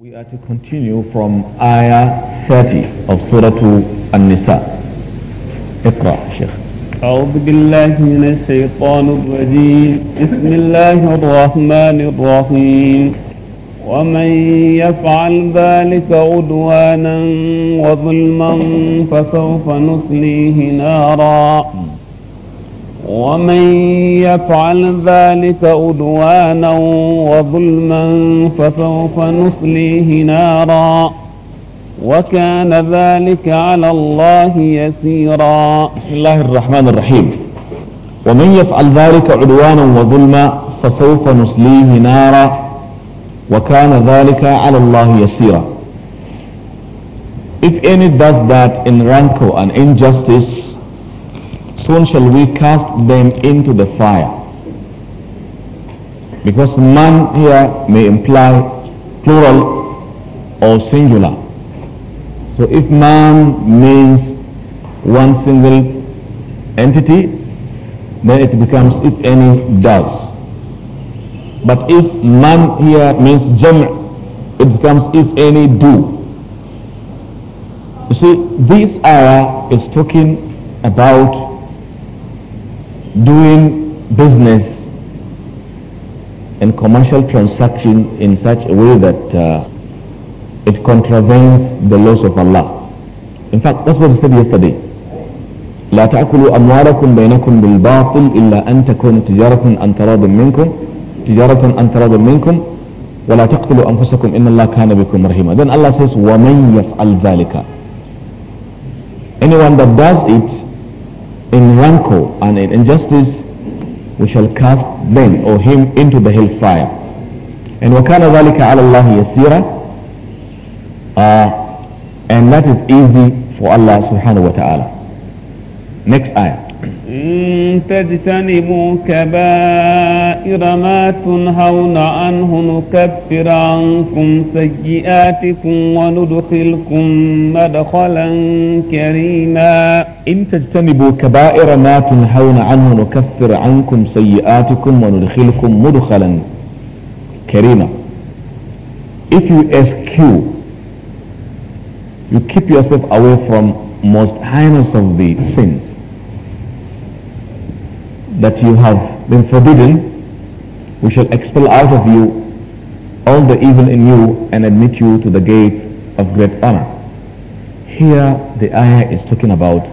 We are to continue from ayah 30 of Surah An-Nisa. اقرأ شيخ أعوذ بالله من الشيطان الرجيم بسم الله الرحمن الرحيم ومن يفعل ذلك عدوانا وظلما فسوف نصليه نارا ومن يفعل ذلك أدوانا وظلما فسوف نصليه نارا وكان ذلك على الله يسيرا بسم الله الرحمن الرحيم ومن يفعل ذلك عدوانا وظلما فسوف نصليه نارا وكان ذلك على الله يسيرا If any does that in rancor and injustice stone shall we cast them into the fire. Because man here may imply plural or singular. So if man means one single entity, then it becomes if any does. But if man here means jam, it becomes if any do. You see, this ayah is talking about doing business and commercial transaction in such a way that uh, it contravenes the laws of Allah. In fact, that's what we said yesterday. لا تأكلوا أموالكم بينكم بالباطل إلا أن تكون تجارة أن تراض منكم تجارة أن تراض منكم ولا تقتلوا أنفسكم إن الله كان بكم رحيما then Allah says ومن يفعل ذلك anyone that does it in rancor and in injustice, we shall cast them or him into the hellfire. And وَكَانَ ذَلِكَ عَلَى اللَّهِ يَسِيرًا uh, And that is easy for Allah subhanahu wa ta'ala. Next ayah. إن تجتنبوا كبائر ما تنهون عنه نكفر عنكم سيئاتكم وندخلكم مدخلا كريما إن تجتنبوا كبائر ما تنهون عنه نكفر عنكم سيئاتكم وندخلكم مدخلا كريما If you eschew you keep yourself away from most heinous of the sins that you have been forbidden, we shall expel out of you all the evil in you and admit you to the gate of great honor. Here the ayah is talking about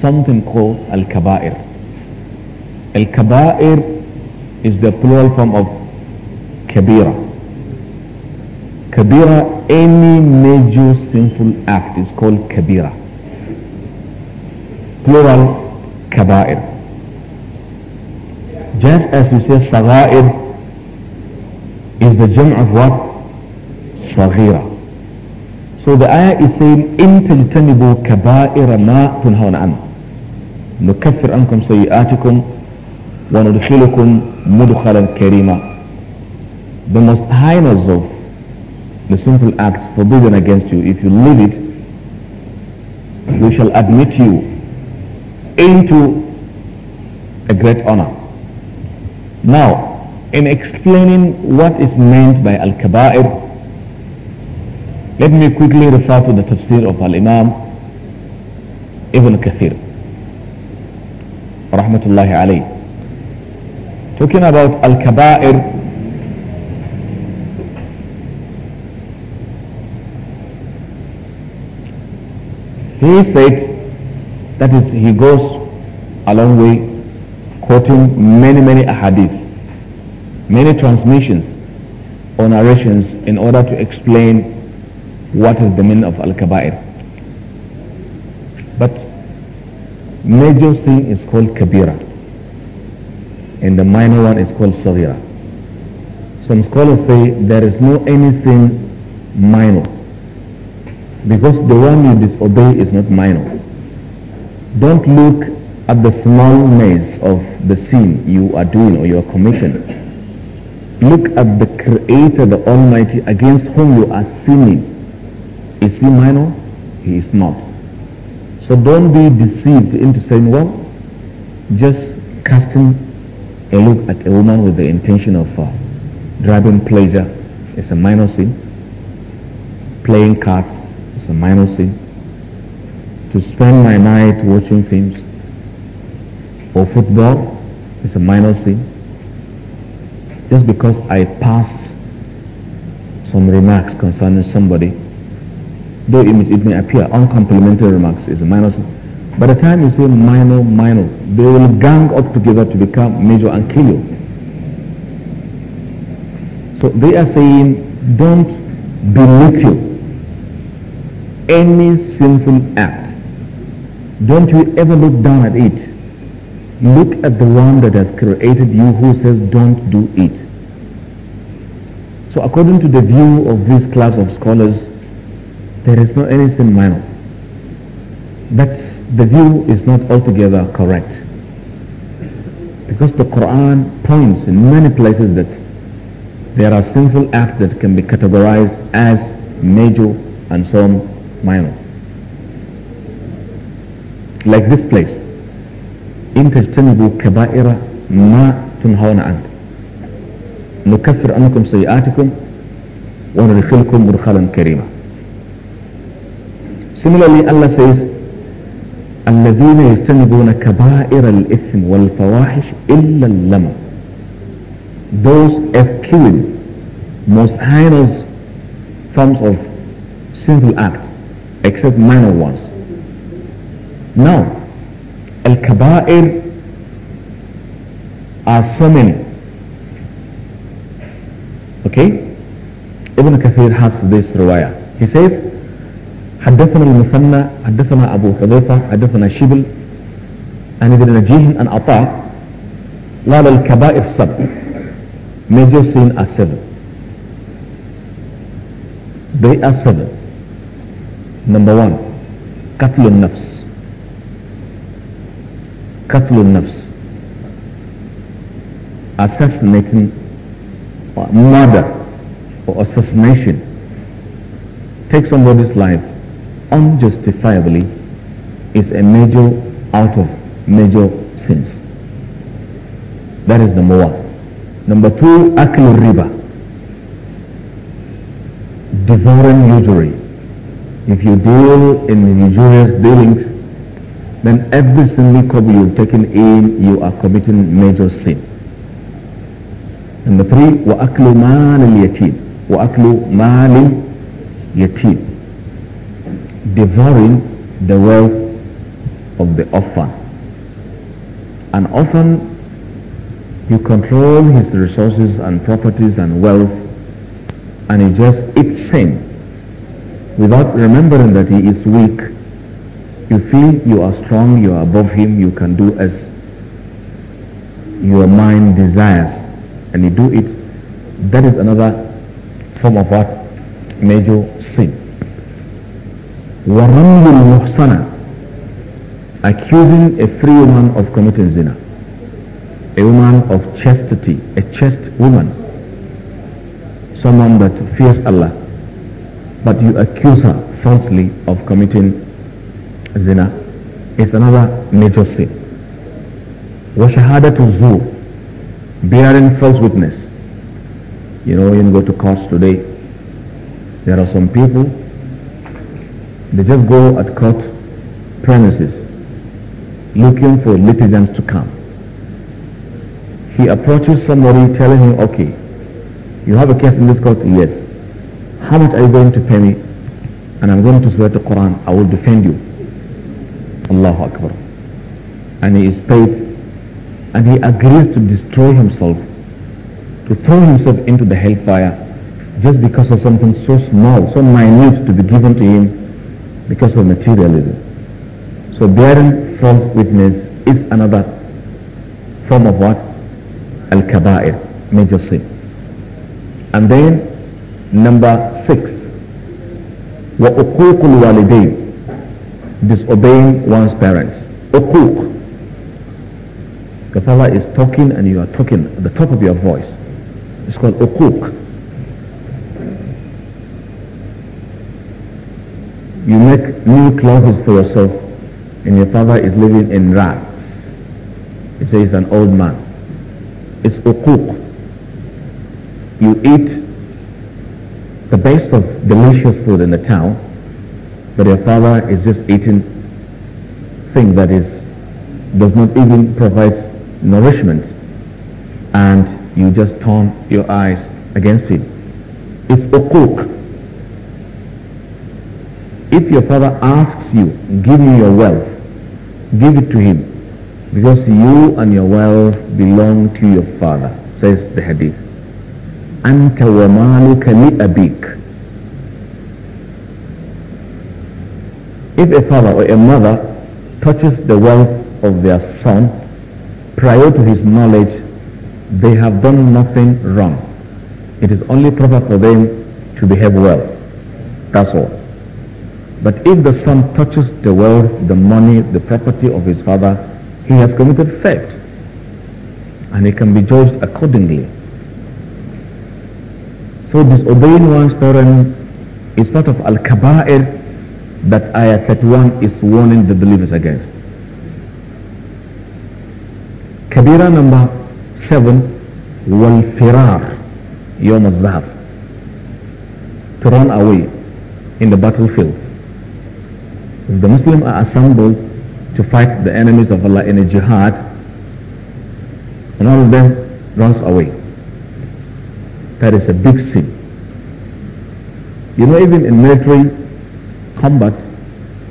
something called Al-Kaba'ir. Al-Kaba'ir is the plural form of Kabira. Kabira, any major sinful act is called Kabira. Plural, Kaba'ir. Just as you say Sagair is the jam of what? Saghira. So the ayah is saying, إِن تَجْتَنِبُوا كَبَائِرَ مَا تُنْهَوْنَ عَنْهُ نُكَفِّرْ عَنْكُمْ سَيِّئَاتِكُمْ وَنُدْخِلُكُمْ مُدْخَلًا كَرِيمًا The most heinous of the simple acts forbidden against you, if you leave it, we shall admit you into a great honor. Now, in explaining what is meant by al-kaba'ir, let me quickly refer to the tafsir of al-imam Ibn Kathir, rahmatullahi alayhi. Talking about al-kaba'ir, he said, that is, he goes a long way quoting many, many ahadith, many transmissions or narrations in order to explain what is the meaning of Al-Kaba'ir. But major sin is called Kabira and the minor one is called Saghira. Some scholars say there is no any sin minor because the one you disobey is not minor. Don't look at the smallness of the sin you are doing or you are committing. Look at the Creator, the Almighty, against whom you are sinning. Is he minor? He is not. So don't be deceived into saying, well, just casting a look at a woman with the intention of uh, driving pleasure is a minor sin. Playing cards is a minor sin. To spend my night watching films or football is a minor sin. Just because I pass some remarks concerning somebody, though it may, it may appear uncomplimentary remarks is a minor sin. By the time you say minor, minor, they will gang up together to become major and kill you. So they are saying, don't belittle any sinful act. Don't you ever look down at it. Look at the one that has created you who says don't do it. So according to the view of this class of scholars, there is no anything minor. But the view is not altogether correct. Because the Quran points in many places that there are sinful acts that can be categorized as major and some minor. Like this place. إن تجتنبوا كبائر ما تنهون عنه نكفر عنكم سيئاتكم وندخلكم مدخلا كريما Similarly, Allah says, الذين يجتنبون كبائر الإثم والفواحش إلا اللم Those eschewing most heinous forms of sinful acts except minor ones. Now, الكبائر are so many okay ابن كثير has this رواية he says حدثنا المثنى حدثنا أبو حذيفة حدثنا شبل عن ابن نجيه أن أطاع قال الكبائر سبع major sin are seven they are seven number one قتل النفس Qatlun nafs. Assassinating or murder or assassination. Take somebody's life unjustifiably is a major out of major sins. That is number one. Number two, akil riba. Devouring usury. If you deal in usurious dealings, then every single cup you've taken in, you are committing major sin. Number three, وَأَكْلُ مَالِ الْيَتِيمِ وَأَكْلُ مَالِ الْيَتِيمِ Devouring the wealth of the orphan. An orphan, you control his resources and properties and wealth and he just eats sin without remembering that he is weak you feel you are strong, you are above him, you can do as your mind desires and you do it. That is another form of what? Major sin. وَرَمْلُ الْمُحْسَنَةِ accusing a free woman of committing zina, a woman of chastity, a chaste woman, someone that fears Allah, but you accuse her falsely of committing zina is another major sin. Washahadatu zur, bearing false witness. You know, you go to court today, there are some people, they just go at court premises looking for litigants to come. He approaches somebody telling him, okay, you have a case in this court? Yes. How much are you going to pay me? And I'm going to swear to Quran, I will defend you. Allahu Akbar. And he is paid and he agrees to destroy himself, to throw himself into the hellfire just because of something so small, so minute to be given to him because of materialism. So bearing false witness is another form of what? Al-Kaba'ir, major sin. And then number six, وَأُقُوقُ الْوَالِدَيْنِ disobeying one's parents. Ukuk. Kafala is talking and you are talking at the top of your voice. It's called ukuk. You make new clothes for yourself and your father is living in rags. He says he's an old man. It's ukuk. You eat the best of delicious food in the town but your father is just eating thing that is does not even provide nourishment and you just turn your eyes against him. It's uquq. If your father asks you, give me your wealth, give it to him because you and your wealth belong to your father, says the hadith. أنت ومالك لأبيك If a father or a mother touches the wealth of their son prior to his knowledge, they have done nothing wrong. It is only proper for them to behave well. That's all. But if the son touches the wealth, the money, the property of his father, he has committed theft. And he can be judged accordingly. So disobeying one's parent is part of al-kaba'ir that Ayah 31 is warning the believers against. Kabira number 7 والفرار yom الزهر to run away in the battlefield. If the Muslims are assembled to fight the enemies of Allah in a jihad, and all of them runs away. That is a big sin. You know, even in military, combat,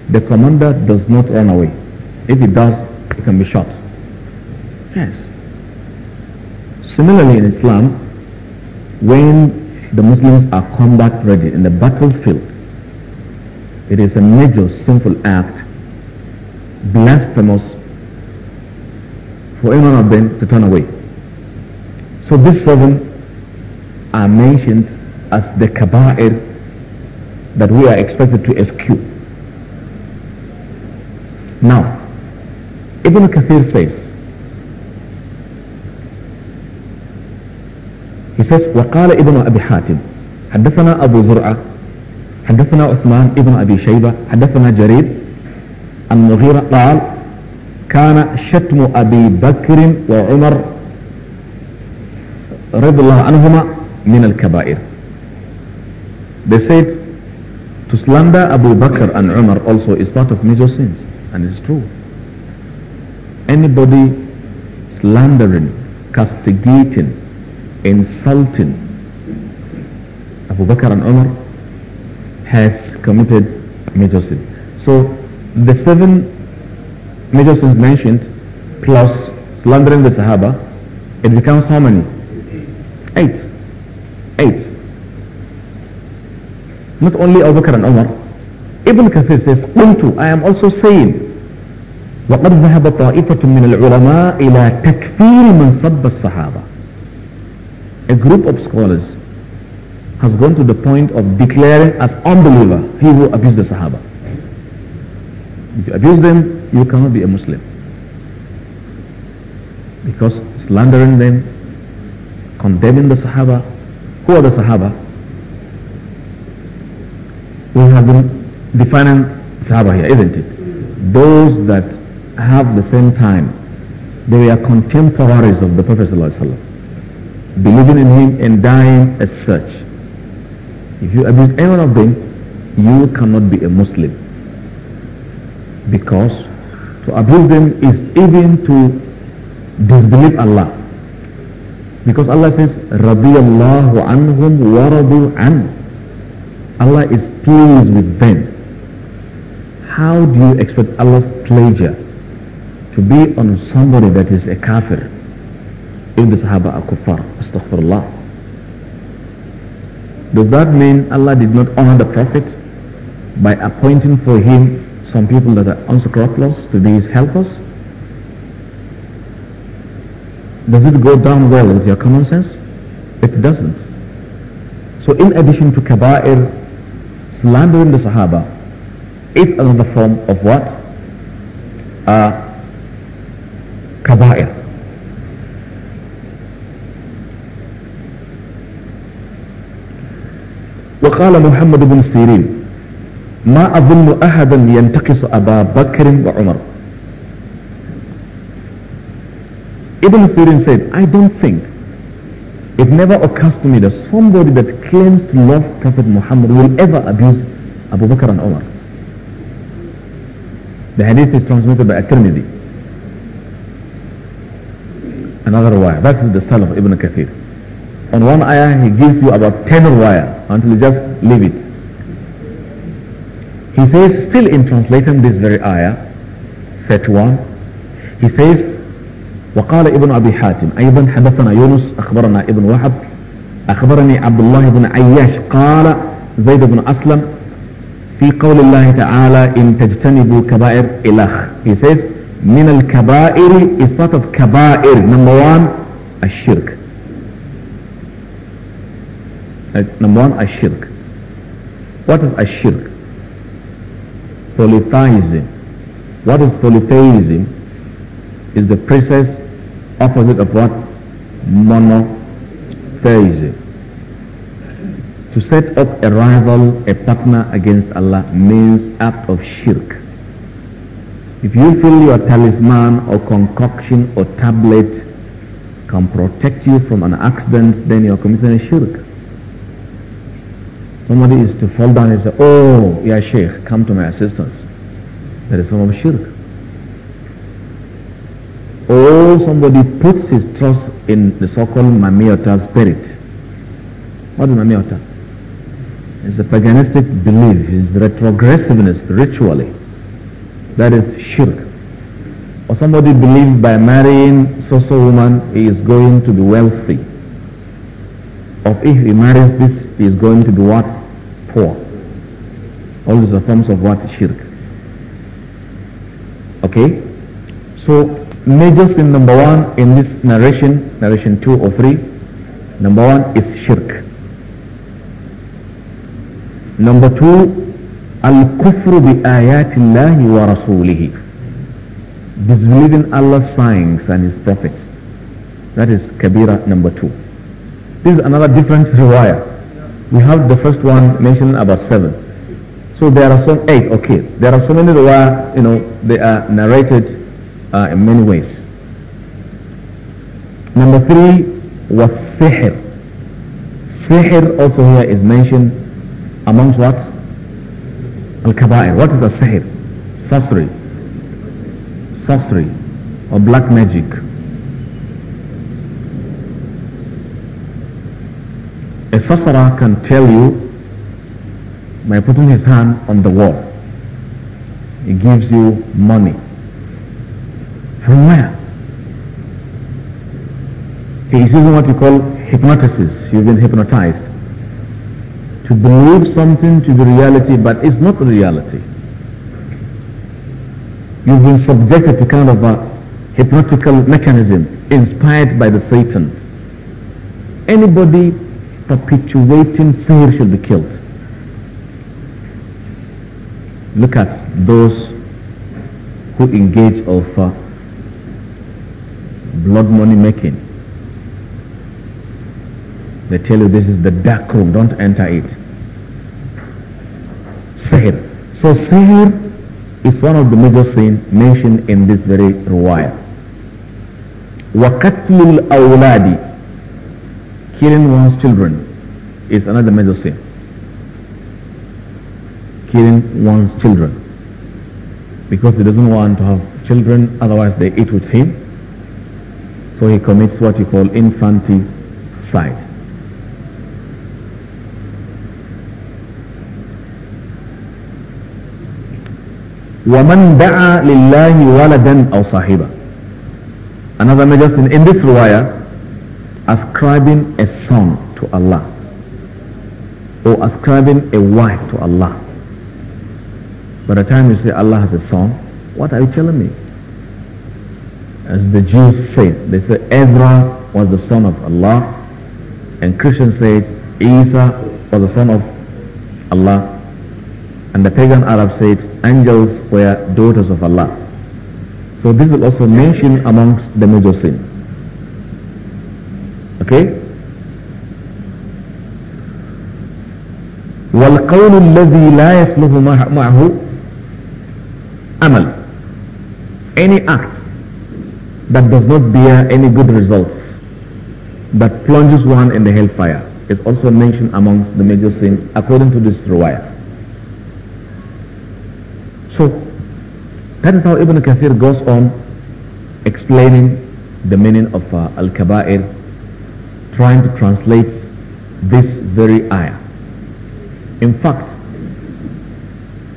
the commander does not run away. If he does, he can be shot. Yes. Similarly, in Islam, when the Muslims are combat ready in the battlefield, it is a major sinful act, blasphemous, for anyone of them to turn away. So these seven are mentioned as the kaba'ir that we are expected to eschew. Now, Ibn Kathir says, he says وقال ابن أبي حاتم حدثنا أبو زرعة حدثنا عثمان ابن أبي شيبة حدثنا جرير المغيرة قال كان شتم أبي بكر وعمر رضي الله عنهما من الكبائر they said To slander Abu Bakr and Umar also is part of major sins. And it's true. Anybody slandering, castigating, insulting Abu Bakr and Umar has committed major sin. So the seven major sins mentioned plus slandering the Sahaba, it becomes how many? Eight. not only Abu Bakr and Umar Ibn Kathir says قلت I am also saying وقد ذهب طائفة من العلماء إلى تكفير من الصحابة A group of scholars has gone to the point of declaring as unbeliever he who abused the Sahaba. If you abuse them, you cannot be a Muslim. Because slandering them, condemning the Sahaba, who are the Sahaba? we have been defining Sahaba here, isn't it? Those that have the same time, they were contemporaries of the Prophet believing in him and dying as such. If you abuse any one of them, you cannot be a Muslim. Because to abuse them is even to disbelieve Allah. Because Allah says, رَضِيَ اللَّهُ عَنْهُمْ وَرَضُوا عَنْهُ Allah is pleased with them, how do you expect Allah's pleasure to be on somebody that is a kafir if the Sahaba are kuffar? Astaghfirullah. Does that mean Allah did not honor the Prophet by appointing for him some people that are unscrupulous to be his helpers? Does it go down well with your common sense? It doesn't. So in addition to kaba'ir, slandering the Sahaba is another form of what? Uh, kabair. وقال محمد بن سيرين ما أظن أحدا ينتقص أبا بكر وعمر Ibn Sirin said, I don't think It never occurs to me that somebody that claims to love Prophet Muhammad will ever abuse Abu Bakr and Omar. The hadith is transmitted by At-Tirmidhi. Another wire. That is the style of Ibn Kathir. On one ayah, he gives you about 10 wire until you just leave it. He says, still in translating this very ayah, one, he says, وقال ابن أبي حاتم أيضا حدثنا يونس أخبرنا ابن وهب أخبرني عبد الله بن عياش قال زيد بن أسلم في قول الله تعالى إن تجتنبوا كبائر إلخ he says من الكبائر is part of كبائر number one الشرك number one الشرك what is الشرك polytheism what is polytheism is the process opposite of what? Monotheism. To set up a rival, a partner against Allah means act of shirk. If you feel your talisman or concoction or tablet can protect you from an accident, then you're committing a shirk. Somebody is to fall down and say, Oh, yeah, Sheikh, come to my assistance. That is form of shirk or somebody puts his trust in the so-called Mamiota spirit. What is Mamiota? It's a paganistic belief, it's retrogressiveness ritually. That is shirk. Or somebody believes by marrying so-so woman he is going to be wealthy. Or if he marries this, he is going to be what? Poor. All these are forms of what? Shirk. Okay? So major sin number one in this narration, narration two or three, number one is shirk. Number two, al-kufru bi ayatillahi wa rasulihi. Disbelieving Allah's signs and His prophets. That is kabira number two. This is another different riwayah. We have the first one mentioned about seven. So there are some eight, okay. There are so many riwayah, you know, they are narrated uh, in many ways. Number three was sihr. Sihr also here is mentioned amongst what? Al-Kaba'ir. What is a sihr? Sorcery. Sorcery or black magic. A sorcerer can tell you by putting his hand on the wall. He gives you money from where? He's using what you call hypnotesis. You've been hypnotized. To believe something to be reality, but it's not reality. You've been subjected to kind of a hypnotical mechanism inspired by the Satan. Anybody perpetuating sin should be killed. Look at those who engage of uh, blood money making. They tell you this is the dark room, don't enter it. Seher. So seher is one of the major sins mentioned in this very riwayah. وَقَتْلُ awladi, Killing one's children is another major sin. Killing one's children. Because he doesn't want to have children, otherwise they eat with him. So he commits what you call infanticide. وَمَنْ دَعَى لِلَّهِ وَلَدًا أَوْ صَاحِبًا Another major sin in this ruwaya, ascribing a son to Allah or ascribing a wife to Allah. By the time you say Allah has a son, what are you telling me? as the Jews say. They say Ezra was the son of Allah, and Christians say Isa was the son of Allah, and the pagan Arabs said angels were daughters of Allah. So this is also mentioned amongst the major sin. Okay? والقول الذي لا يصلح معه عمل any act that does not bear any good results but plunges one in the hellfire is also mentioned amongst the major sins according to this riwayah. So that is how Ibn Kathir goes on explaining the meaning of uh, Al-Kaba'ir trying to translate this very ayah. In fact,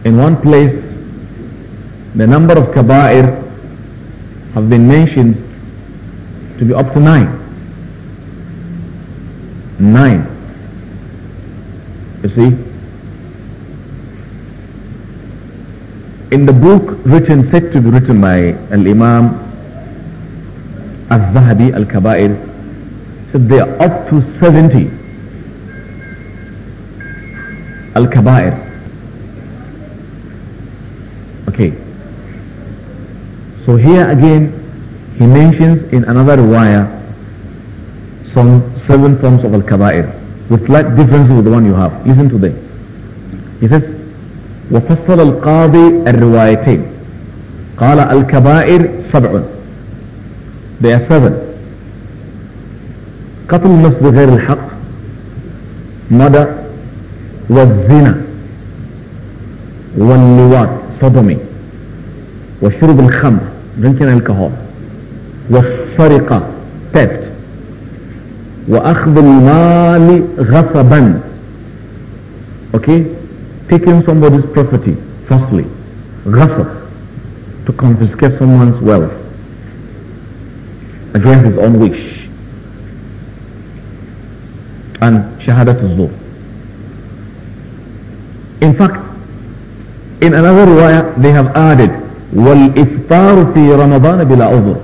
in one place the number of Kaba'ir have been mentioned to be up to nine. Nine. You see? In the book written, said to be written by Al-Imam Al-Zahabi Al-Kaba'ir, said they are up to 70. Al-Kaba'ir. So here again, he mentions in another riwayah some seven forms of al-kaba'ir with slight differences with the one you have. Listen to them. He says, وفصل القاضي الروايتين قال الكبائر سبع They are seven. قتل النفس بغير الحق مدى والزنا واللواط صدمي وشرب الخمر drinking alcohol والسرقة theft وأخذ المال غصبا okay taking somebody's property firstly غصب to confiscate someone's wealth against his own wish and شهادة الزور in fact in another way they have added والإفطار في رمضان بلا عذر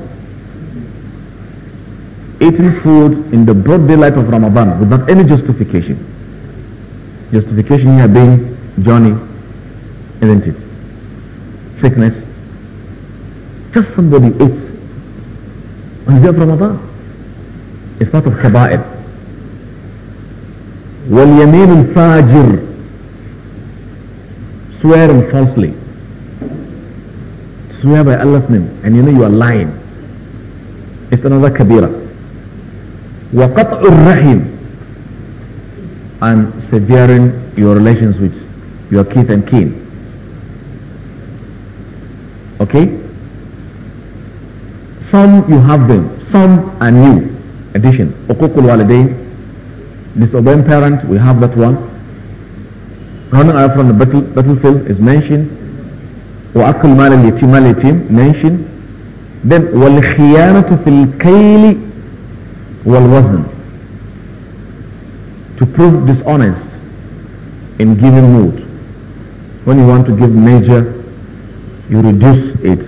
eating food in the broad daylight of Ramadan without any justification justification here being journey isn't it sickness just somebody eats on the day of Ramadan it's part of kaba'ir واليمين الفاجر swearing falsely swear by Allah's name and you know you are lying. It's another kabira. وَقَطْعُ الرَّحِيمِ And severing your relations with your kith and kin. Okay? Some you have them, some are new. Addition. حقوق this Disobeying parent, we have that one. Running away from the battle, battlefield is mentioned. وأكل مال اليتيم مال اليتيم نيشن then والخيانة في الكيل والوزن to prove dishonest in giving mood when you want to give measure you reduce it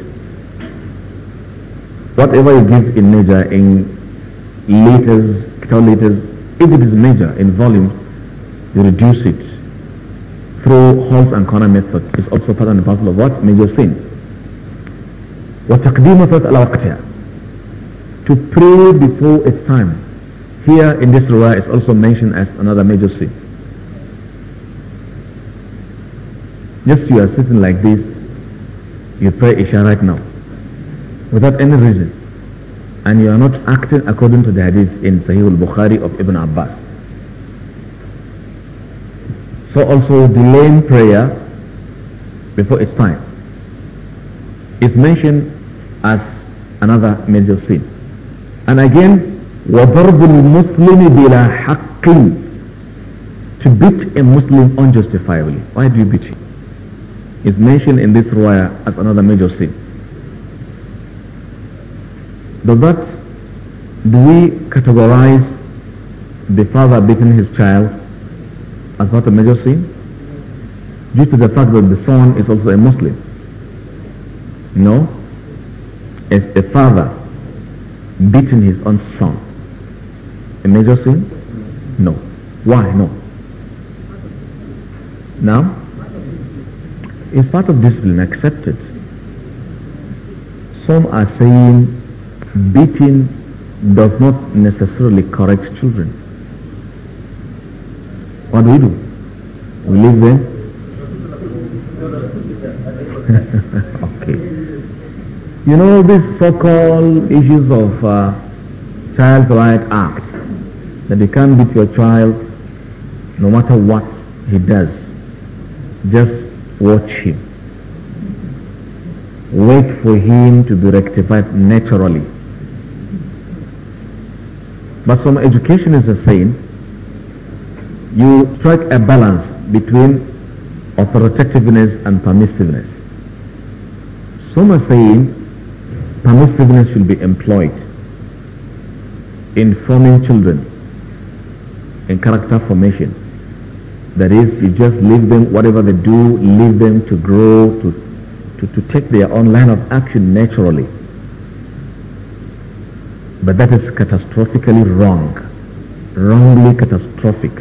whatever you give in measure in liters kiloliters if it is measure in volume you reduce it through half and corner method is also part and parcel of what? Major sins. وَتَقْدِيمُ صَلَةَ عَلَى To pray before its time. Here in this surah is also mentioned as another major sin. Just you are sitting like this, you pray Isha right now, without any reason. And you are not acting according to the hadith in Sahih al-Bukhari of Ibn Abbas. So also delaying prayer before its time is mentioned as another major sin. And again, وَضَرْبُ الْمُسْلِمِ بِلَا حَقٍّ To beat a Muslim unjustifiably. Why do you beat him? Is mentioned in this riwayah as another major sin. Does that, do we categorize the father beating his child as part of major sin due to the fact that the son is also a Muslim. No? As a father beating his own son. A major sin? No. Why? No. Now? It's part of discipline accepted. Some are saying beating does not necessarily correct children. What do we do? We live there? okay. You know, these so-called issues of uh, child right act, that you can't beat your child no matter what he does. Just watch him. Wait for him to be rectified naturally. But some educationists are saying, you strike a balance between authoritativeness and permissiveness. Some are saying permissiveness should be employed in forming children, in character formation. That is, you just leave them, whatever they do, leave them to grow, to, to, to take their own line of action naturally. But that is catastrophically wrong, wrongly catastrophic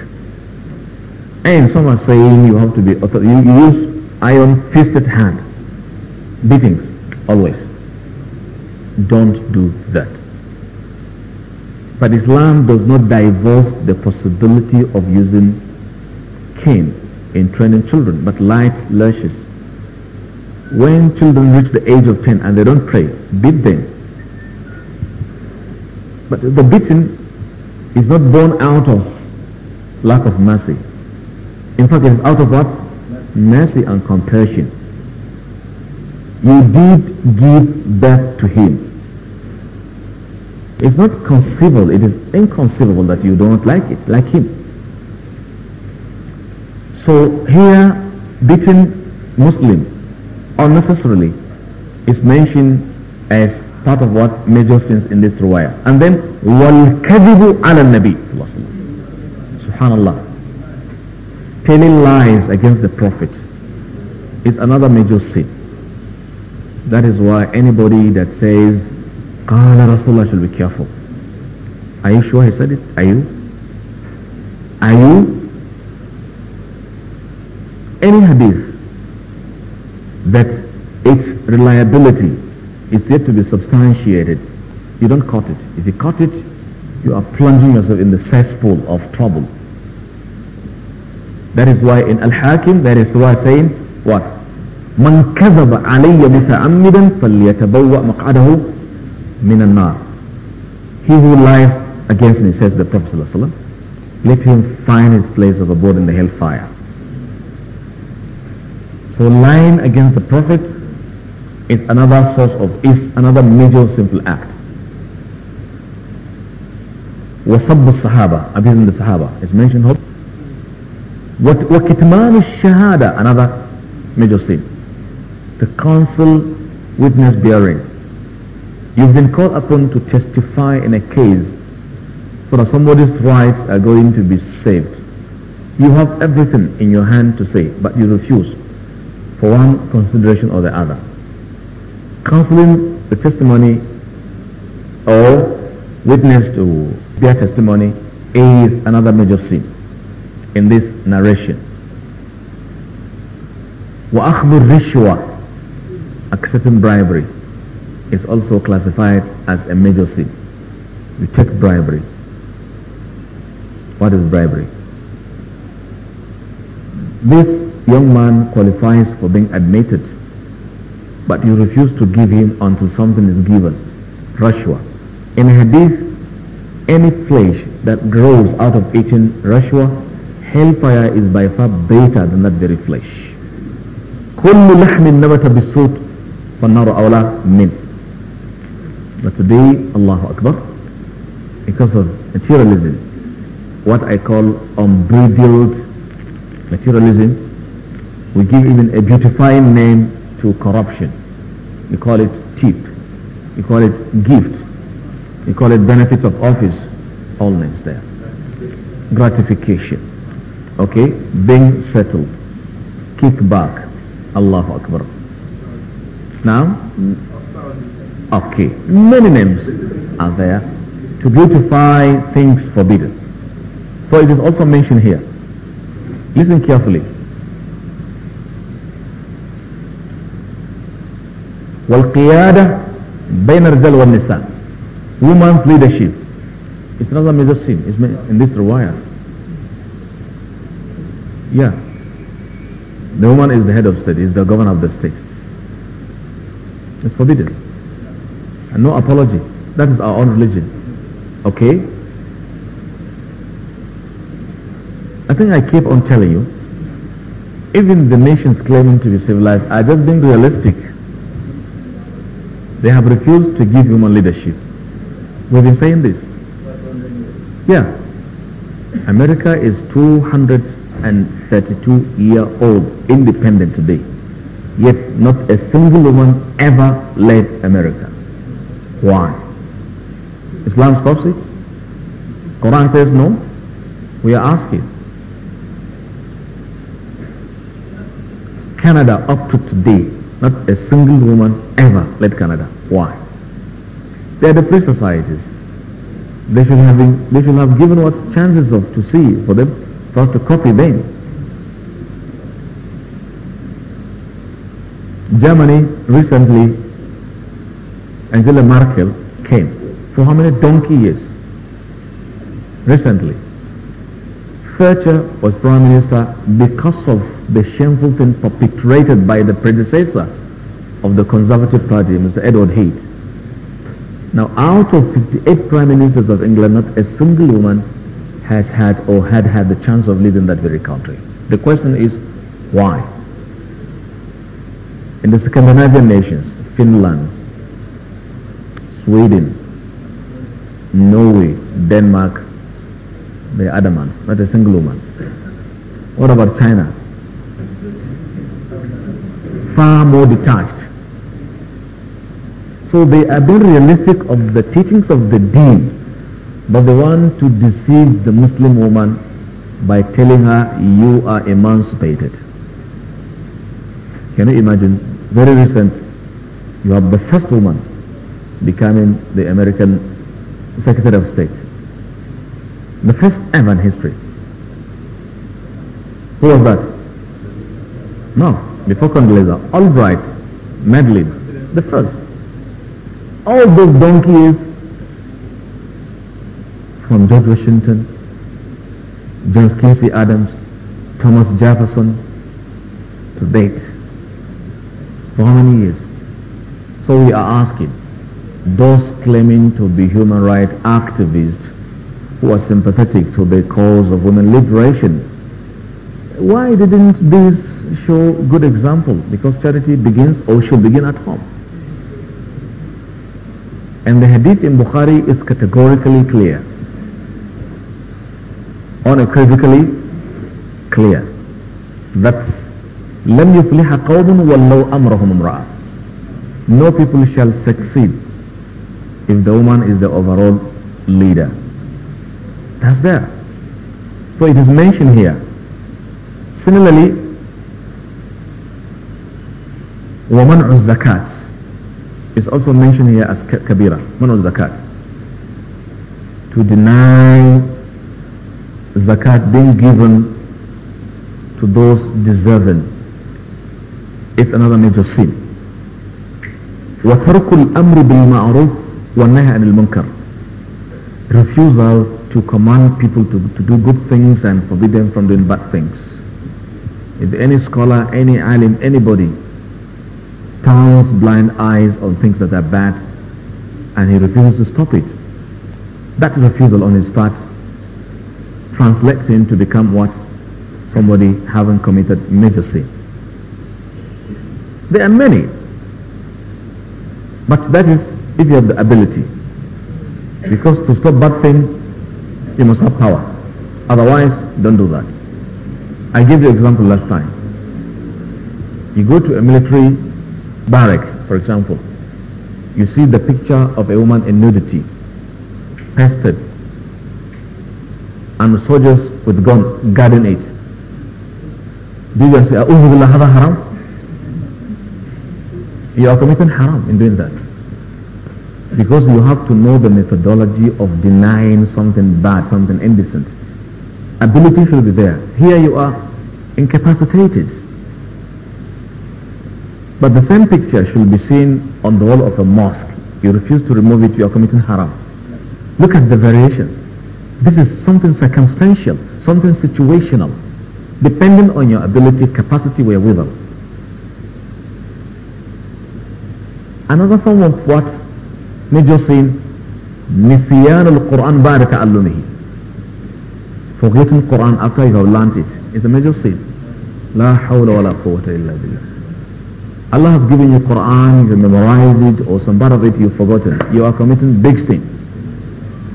and some are saying you have to be, you use iron fisted hand, beatings, always. Don't do that. But Islam does not divorce the possibility of using cane in training children, but light lashes. When children reach the age of 10 and they don't pray, beat them. But the beating is not born out of lack of mercy. In fact, it is out of what? Mercy and compassion. You did give birth to him. It's not conceivable, it is inconceivable that you don't like it, like him. So here, beaten Muslim unnecessarily is mentioned as part of what major sins in this riwayah. And then, وَالْكَذِبُ عَلَى النَّبِي Subhanallah telling lies against the Prophet is another major sin. That is why anybody that says, Qala ah, Rasulullah should be careful. Are you sure he said it? Are you? Are you? Any hadith that its reliability is yet to be substantiated, you don't cut it. If you cut it, you are plunging yourself in the cesspool of trouble. That is why in Al-Hakim, that is why saying what? من كذب علي متعمدا فليتبوأ مقعده من النار. He who lies against me, says the Prophet ﷺ, let him find his place of abode in the hellfire. So lying against the Prophet is another source of, is another major sinful act. وصب الصحابة abusing the Sahaba is mentioned here. What Wakitmanis Shahada? Another major sin. To counsel witness bearing. You've been called upon to testify in a case so that somebody's rights are going to be saved. You have everything in your hand to say, but you refuse for one consideration or the other. Counseling the testimony or witness to bear testimony is another major sin in this narration. وَأَخْذُ rishwa, Accepting bribery is also classified as a major sin. You take bribery. What is bribery? This young man qualifies for being admitted, but you refuse to give him until something is given. Rashwa. In hadith, any flesh that grows out of eating rashwa hellfire is by far better than that very flesh كل لحم نبت بالصوت فالنار أولى من But today, Allahu Akbar, because of materialism, what I call unbridled materialism, we give even a beautifying name to corruption. You call it tip, you call it gift, you call it benefits of office, all names there. Gratification okay, being settled. Kick back. Allahu Akbar. Now, okay, many names are there to beautify things forbidden. So it is also mentioned here. Listen carefully. والقيادة بين الرجال والنساء woman's leadership it's not a major sin it's in this riwayah yeah. The woman is the head of state, is the governor of the state. It's forbidden. And no apology. That is our own religion. Okay? I think I keep on telling you, even the nations claiming to be civilized are just being realistic. They have refused to give human leadership. We've been saying this. Yeah. America is 200 and thirty-two year old independent today. Yet not a single woman ever left America. Why? Islam stops it? Quran says no? We are asking. Canada up to today, not a single woman ever left Canada. Why? They are the free societies. They should have, been, they should have given what chances of to see for them photocopy bin. Germany recently, Angela Merkel came for how many donkey years? Recently. Thatcher was prime minister because of the shameful thing perpetrated by the predecessor of the Conservative Party, Mr. Edward Heath. Now, out of 58 prime ministers of England, not a single woman has had or had had the chance of living that very country. The question is, why? In the Scandinavian nations, Finland, Sweden, Norway, Denmark, the other ones, not a single woman. What about China? Far more detached. So they are being realistic of the teachings of the deen but the one to deceive the Muslim woman by telling her you are emancipated. Can you imagine? Very recent, you have the first woman becoming the American Secretary of State. The first ever in history. Who was that? No, before Condoleezza. Albright, Madeleine, the first. All those donkeys from George Washington, John Quincy Adams, Thomas Jefferson to date. For how many years? So we are asking those claiming to be human rights activists who are sympathetic to the cause of women liberation, why didn't this show good example? Because charity begins or should begin at home. And the hadith in Bukhari is categorically clear unequivocally clear. That's لم يفلح قوم ولو أمرهم امرأة. No people shall succeed if the woman is the overall leader. That's there. So it is mentioned here. Similarly, ومنع الزكاة is also mentioned here as كبيرة منع الزكاة to deny zakat being given to those deserving is another major sin. وترك الأمر بالمعروف والنهي عن المنكر refusal to command people to, to do good things and forbid them from doing bad things. If any scholar, any alim, anybody turns blind eyes on things that are bad and he refuses to stop it, that refusal on his part translates him to become what? Somebody having committed major sin. There are many. But that is if you have the ability. Because to stop bad thing, you must have power. Otherwise, don't do that. I gave you example last time. You go to a military barrack, for example. You see the picture of a woman in nudity, pasted and soldiers with gun guarding it. Do you say, "Oh, have haram"? You are committing haram in doing that. Because you have to know the methodology of denying something bad, something indecent. Ability should be there. Here you are incapacitated. But the same picture should be seen on the wall of a mosque. You refuse to remove it, you are committing haram. Look at the variation. This is something circumstantial, something situational, depending on your ability, capacity, wherewithal. Another form of what Major saying, al Quran بعد تعلمه. Forgetting Quran after you have learnt it is a major sin. لا حول ولا قوة إلا بالله. Allah has given you Quran, you memorize it, or some part of it you've forgotten. You are committing big sin.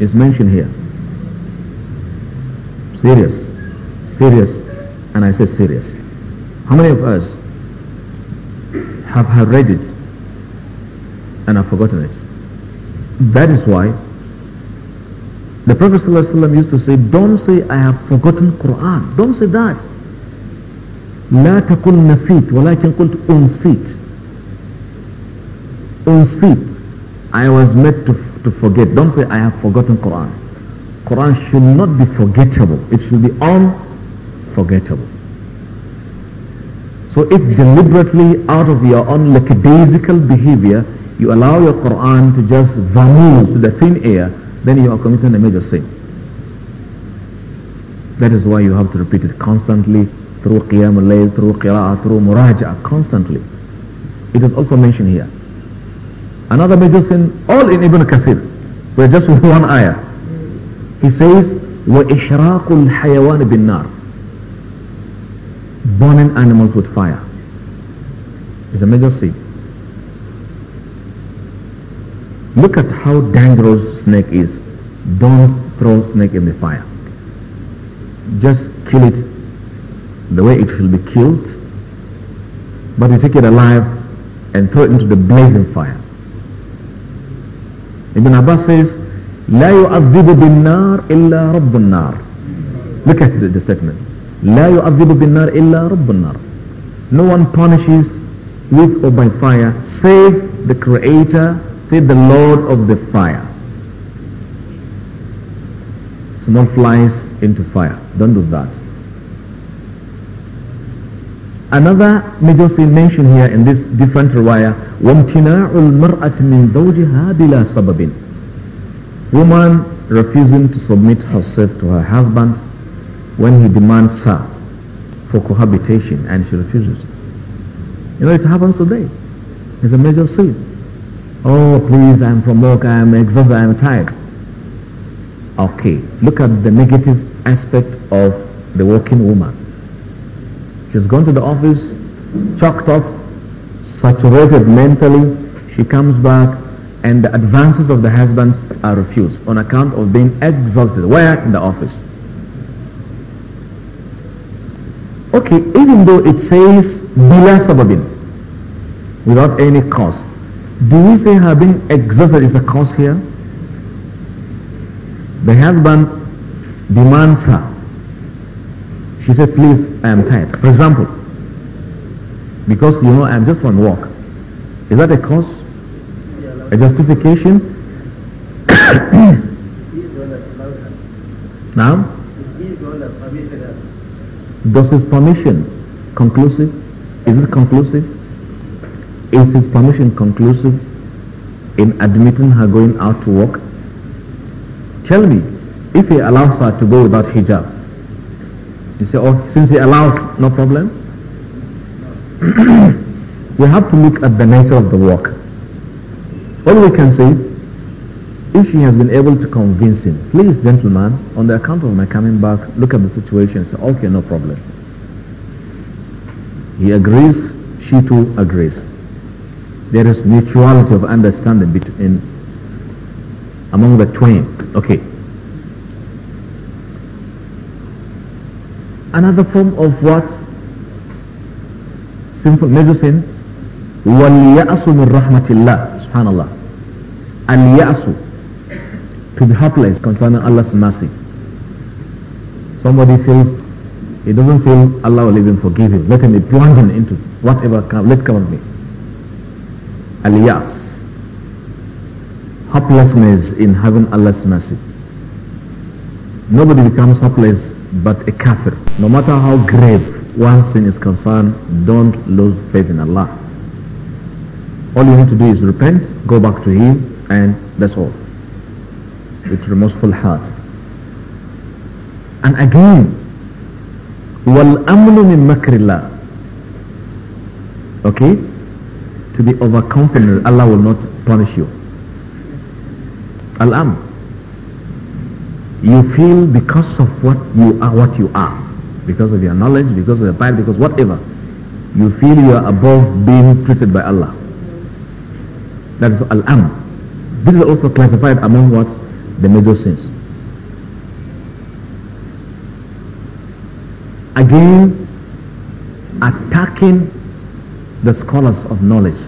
It's mentioned here. Serious. Serious. And I say serious. How many of us have, read it and have forgotten it? That is why the Prophet ﷺ used to say, don't say I have forgotten Quran. Don't say that. لا تقل نسيت ولكن قلت أنسيت أنسيت I was made to, to forget. Don't say I have forgotten Quran. Quran should not be forgettable. It should be unforgettable. So if deliberately out of your own lackadaisical behavior, you allow your Quran to just vanish to the thin air, then you are committing a major sin. That is why you have to repeat it constantly through Qiyam al-Layl, through Qira'ah, through Muraja'ah, constantly. It is also mentioned here. Another major sin, all in Ibn Kathir, where just one ayah. He says, وَإِحْرَاقُ الْحَيَوَانِ بِالنَّارِ Burning animals with fire is a major sin. Look at how dangerous snake is. Don't throw snake in the fire. Just kill it the way it should be killed. But you take it alive and throw it into the blazing fire. Ibn Abbas says, لا يعذب بالنار إلا رب النار look at the, statement لا يعذب بالنار إلا رب النار no one punishes with or by fire save the creator save the lord of the fire someone flies into fire don't do that another major sin mentioned here in this different riwayah وامتناع المرأة من زوجها بلا سبب Woman refusing to submit herself to her husband when he demands her for cohabitation and she refuses. You know, it happens today. It's a major sin. Oh, please, I'm from work, I'm exhausted, I'm tired. Okay, look at the negative aspect of the working woman. She's gone to the office, chalked up, saturated mentally. She comes back, and the advances of the husbands are refused on account of being exhausted. Where? In the office. Okay, even though it says bila sababin, without any cause, do we say her being exhausted is a cause here? The husband demands her. She said, please, I am tired. For example, because you know I am just on walk. Is that a cause? a justification now does his permission conclusive is it conclusive is his permission conclusive in admitting her going out to work tell me if he allows her to go without hijab you say oh since he allows no problem we have to look at the nature of the work all we can say, if she has been able to convince him, please, gentlemen, on the account of my coming back, look at the situation. So, okay, no problem. He agrees, she too agrees. There is mutuality of understanding between among the twain. Okay. Another form of what? Simple medicine. وَلْيَأْسُ مِنْ رَحْمَةِ اللَّهِ Subhanallah al-ya'su, to be hopeless concerning Allah's mercy. Somebody feels, he doesn't feel Allah will even forgive him. Let him be plunging into whatever, come, let come of me. Alias, hopelessness in having Allah's mercy. Nobody becomes hopeless but a kafir. No matter how grave one sin is concerned, don't lose faith in Allah. All you need to do is repent, go back to Him, and that's all. With remorseful heart. And again, وَالْأَمْنُ مِنْ مَكْرِ اللَّهِ Okay? To be overconfident, Allah will not punish you. Al-Am. You feel because of what you are, what you are. Because of your knowledge, because of your Bible, because whatever. You feel you are above being treated by Allah. That is Al-Am. This is also classified among what? The major sins. Again, attacking the scholars of knowledge.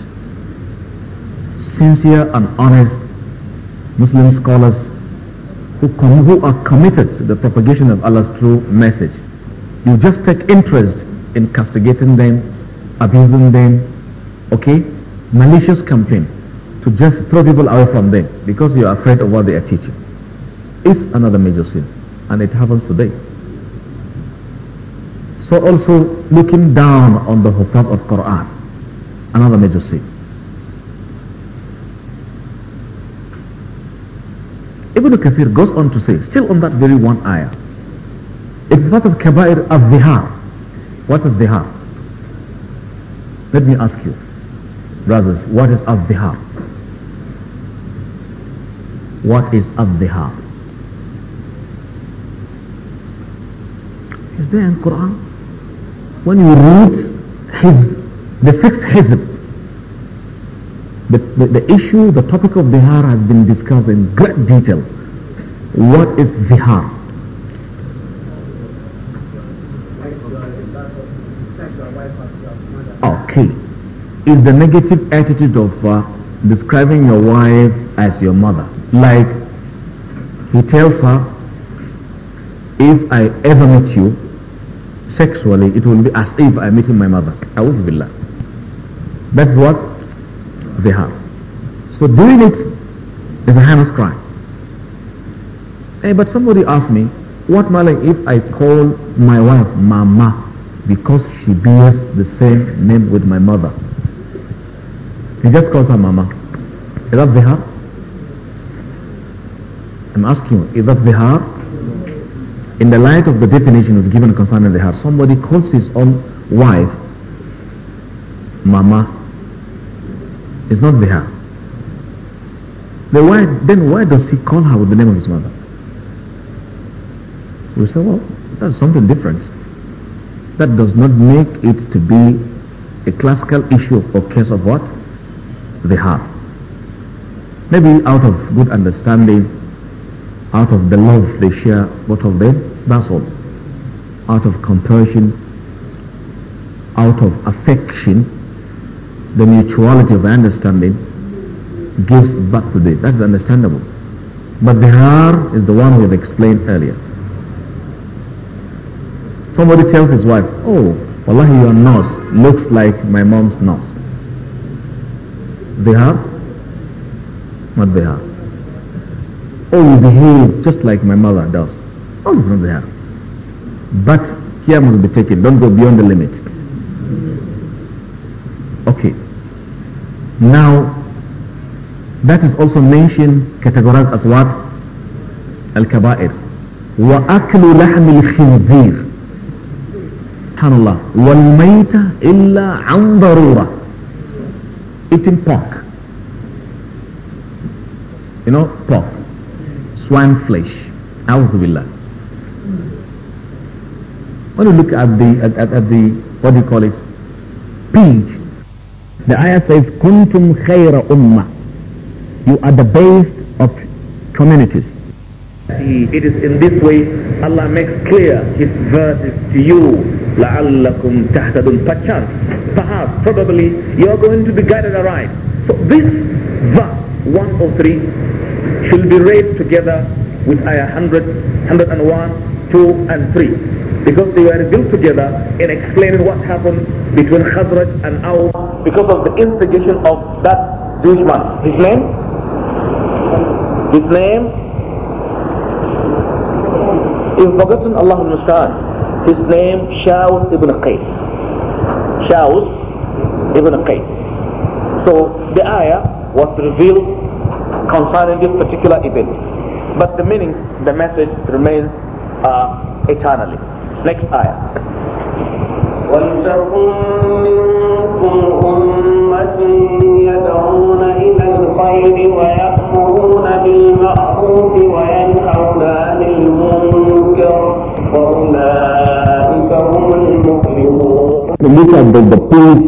Sincere and honest Muslim scholars who, who are committed to the propagation of Allah's true message. You just take interest in castigating them, abusing them, okay? Malicious campaign to just throw people away from them because you are afraid of what they are teaching. It's another major sin and it happens today. So also looking down on the Hufaz of Quran, another major sin. Ibn kafir goes on to say, still on that very one ayah, it's part of Kabair of biha. What is biha? Let me ask you, brothers, what is Al-Zihar? what is Is there in Quran? When you read his, the sixth hizb, the, the, the, issue, the topic of dhihar has been discussed in great detail. What is dhihar? Okay. Is the negative attitude of uh, describing your wife as your mother. Like he tells her, if I ever meet you sexually, it will be as if I'm meeting my mother. Billah. That's what they have. So doing it is a heinous crime. Hey, eh, but somebody asked me, what Malik if I call my wife Mama because she bears the same name with my mother? He just calls her Mama. Is that Zihar? I'm asking you, is that bihar? In the light of the definition of the given concerning bihar, somebody calls his own wife mama. It's not the Then why, then why does he call her with the name of his mother? We say, well, that's something different. That does not make it to be a classical issue or case of what? Bihar. Maybe out of good understanding, out of the love they share, both of them, that's all. Out of compassion, out of affection, the mutuality of understanding gives back to them. That's understandable. But the har is the one we have explained earlier. Somebody tells his wife, oh, wallahi your nose looks like my mom's nose. They have? What they have? Oh, behave just like my mother does. Oh, it's not there. But care must be taken. Don't go beyond the limit. Okay. Now, that is also mentioned, categorized as what? Al-kaba'ir. وَأَكْلُ لَحْمِ الْخِنْزِيرِ سبحان الله والميت إلا عن ضرورة eating pork you know pork Swine flesh. Alhamdulillah. When you look at the, at, at, at the, what do you call it, page, the ayah says, Kuntum khayra umma." You are the base of communities. It is in this way Allah makes clear His verses to you. لَعَلَّكُمْ تَحْتَدُونَ Perchance, perhaps, probably, you are going to be guided aright. So this verse 103 Will be read together with ayah 100, 101, 2 and 3 because they were revealed together in explaining what happened between Khazraj and Aus because of the instigation of that Jewish man. His name? His name is forgotten Allah al His name Shaus ibn Qais. Shaus ibn Qais. So the ayah was revealed concerning this particular event. But the meaning, the message remains uh, eternally. Next ayah. The Look at the, the pig,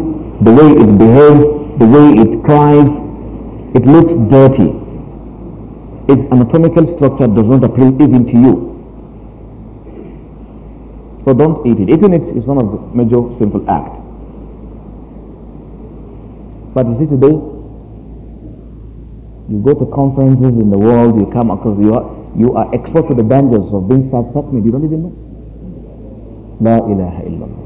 the way it behaves, the way it cries, it looks dirty its anatomical structure does not appeal even to you. So don't eat it. Eating it is one of the major sinful act. But you see today, you go to conferences in the world, you come across, you are, you are exposed to the dangers of being fat, fat meat. You don't even know. La ilaha illallah.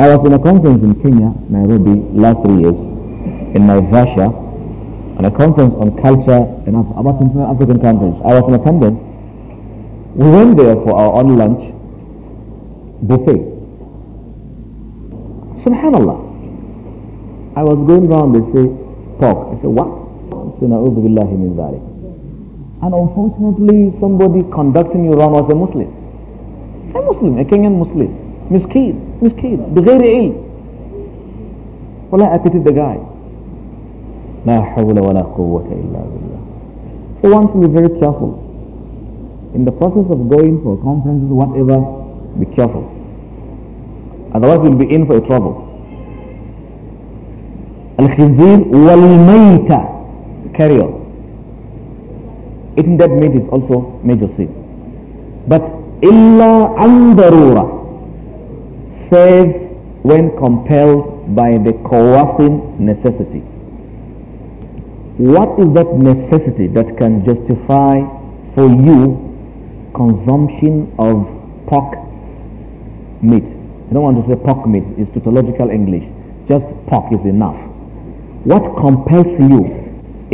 I was in a conference in Kenya, Nairobi, last three years, in my vasha and a conference on culture in Af about African conference. I was in attendance. We went there for our own lunch buffet. Subhanallah. I was going round, they say, talk. I said, what? And unfortunately, somebody conducting you around was a Muslim. A Muslim, a Kenyan Muslim. Miskeen, miskeen, بغير علم. Well, I pitied the guy. So one should be very careful. In the process of going for conferences, whatever, be careful. Otherwise you'll be in for a trouble. Al-khizir wal-mayta. Carry on. Eating dead meat is also major sin. But illa an darura Save when compelled by the coercing necessity what is that necessity that can justify for you consumption of pork meat? I don't want to say pork meat, it's tautological English. Just pork is enough. What compels you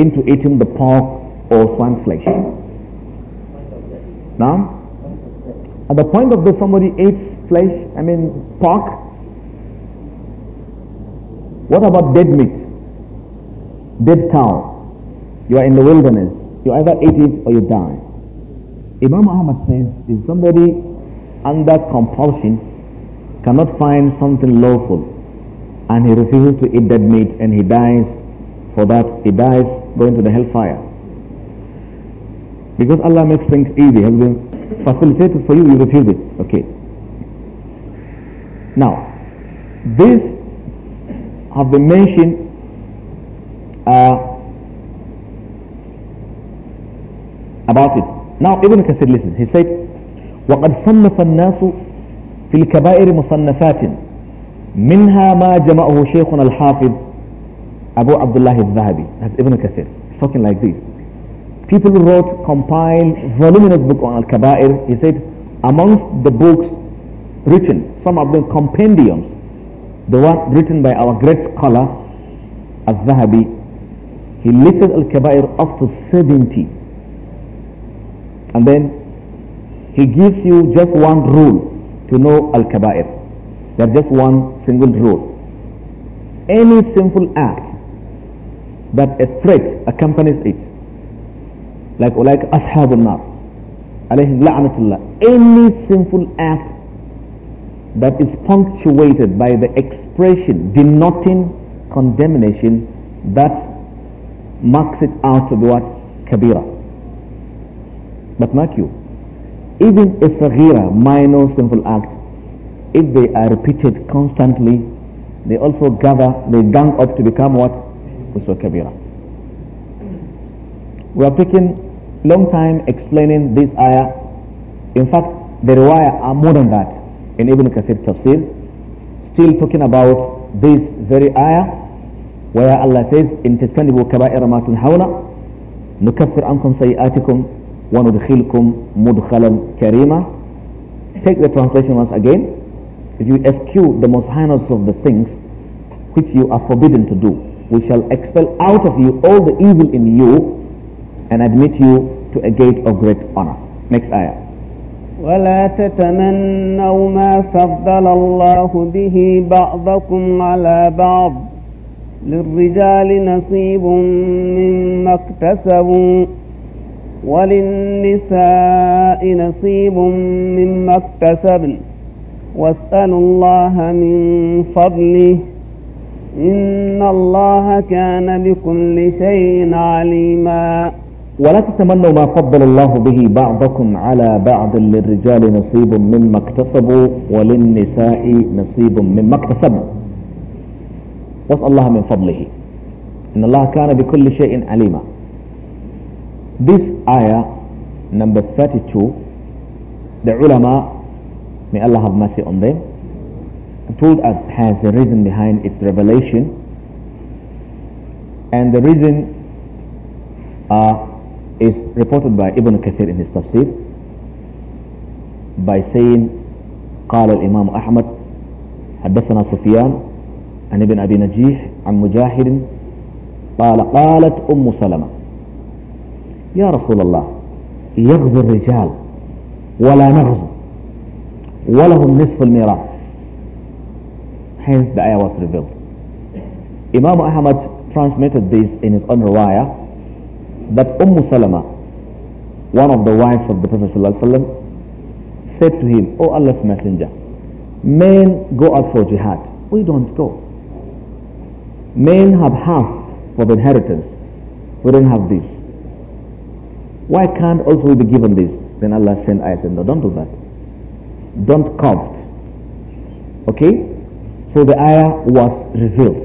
into eating the pork or swine flesh? Now, at the point of that somebody eats flesh, I mean pork, what about dead meat? Dead cow? You are in the wilderness. You either eat it or you die. Imam Muhammad says if somebody under compulsion cannot find something lawful and he refuses to eat that meat and he dies for that, he dies going to the hellfire. Because Allah makes things easy, has been facilitated for you, you refuse it. Okay. Now, these have been mentioned uh, about it. Now Ibn Kathir listen, he said, وَقَدْ صَنَّفَ النَّاسُ فِي الْكَبَائِرِ مُصَنَّفَاتٍ مِنْهَا مَا جَمَعَهُ شَيْخُنَا الْحَافِظ Abu Abdullah al-Zahabi. That's Ibn Kathir. He's talking like this. People wrote, compiled, voluminous book on Al-Kaba'ir. He said, amongst the books written, some of them compendiums, the one written by our great scholar, al-Zahabi, he listed Al-Kaba'ir up to 70. And then he gives you just one rule to know Al-Kaba'ir. There's just one single rule. Any sinful act that a threat accompanies it, like, like Ashabul Nar, alayhim la'natullah, any sinful act that is punctuated by the expression denoting condemnation that marks it out to be what? Kabira. But mark you, even a saghira, minor sinful act, if they are repeated constantly, they also gather, they gang up to become what? Usul kabira. We have taken long time explaining this ayah. In fact, the riwayah are more than that in Ibn Kathir tafsir. Still talking about this very ayah where Allah says, "In tafsir كبائر ما تنهون نكفر عنكم سيئاتكم وَنُدْخِلْكُمْ مُدْخَلًا كَرِيمًا Take the translation once again. If you eschew the most heinous of the things which you are forbidden to do, we shall expel out of you all the evil in you and admit you to a gate of great honor. Next ayah. ولا تتمنوا ما فضل الله به بعضكم على بعض للرجال نصيب مما اكتسبوا وللنساء نصيب مما اكتسبن واسألوا الله من فضله إن الله كان بكل شيء عليما ولا تتمنوا ما فضل الله به بعضكم على بعض للرجال نصيب مما اكتسبوا وللنساء نصيب مما اكتسبوا واسأل الله من فضله إن الله كان بكل شيء عليما This ayah, number 32, the ulama, may Allah have mercy on them, told us has a reason behind its revelation. And the reason uh, is reported by Ibn Kathir in his tafsir by saying, قال الإمام أحمد حدثنا سفيان عن ابن أبي نجيح عن مجاهد قال قالت أم سلمة يا رسول الله يغزو الرجال ولا نغزو ولهم نصف الميراث hence the ayah was revealed Imam Ahmad transmitted this in his own riwayah that Umm Salama one of the wives of the Prophet وسلم said to him O oh Allah's messenger men go out for jihad we don't go men have half for the inheritance we don't have this Why can't also we be given this? Then Allah sent ayah said, no, don't do that. Don't covet. Okay? So the ayah was revealed,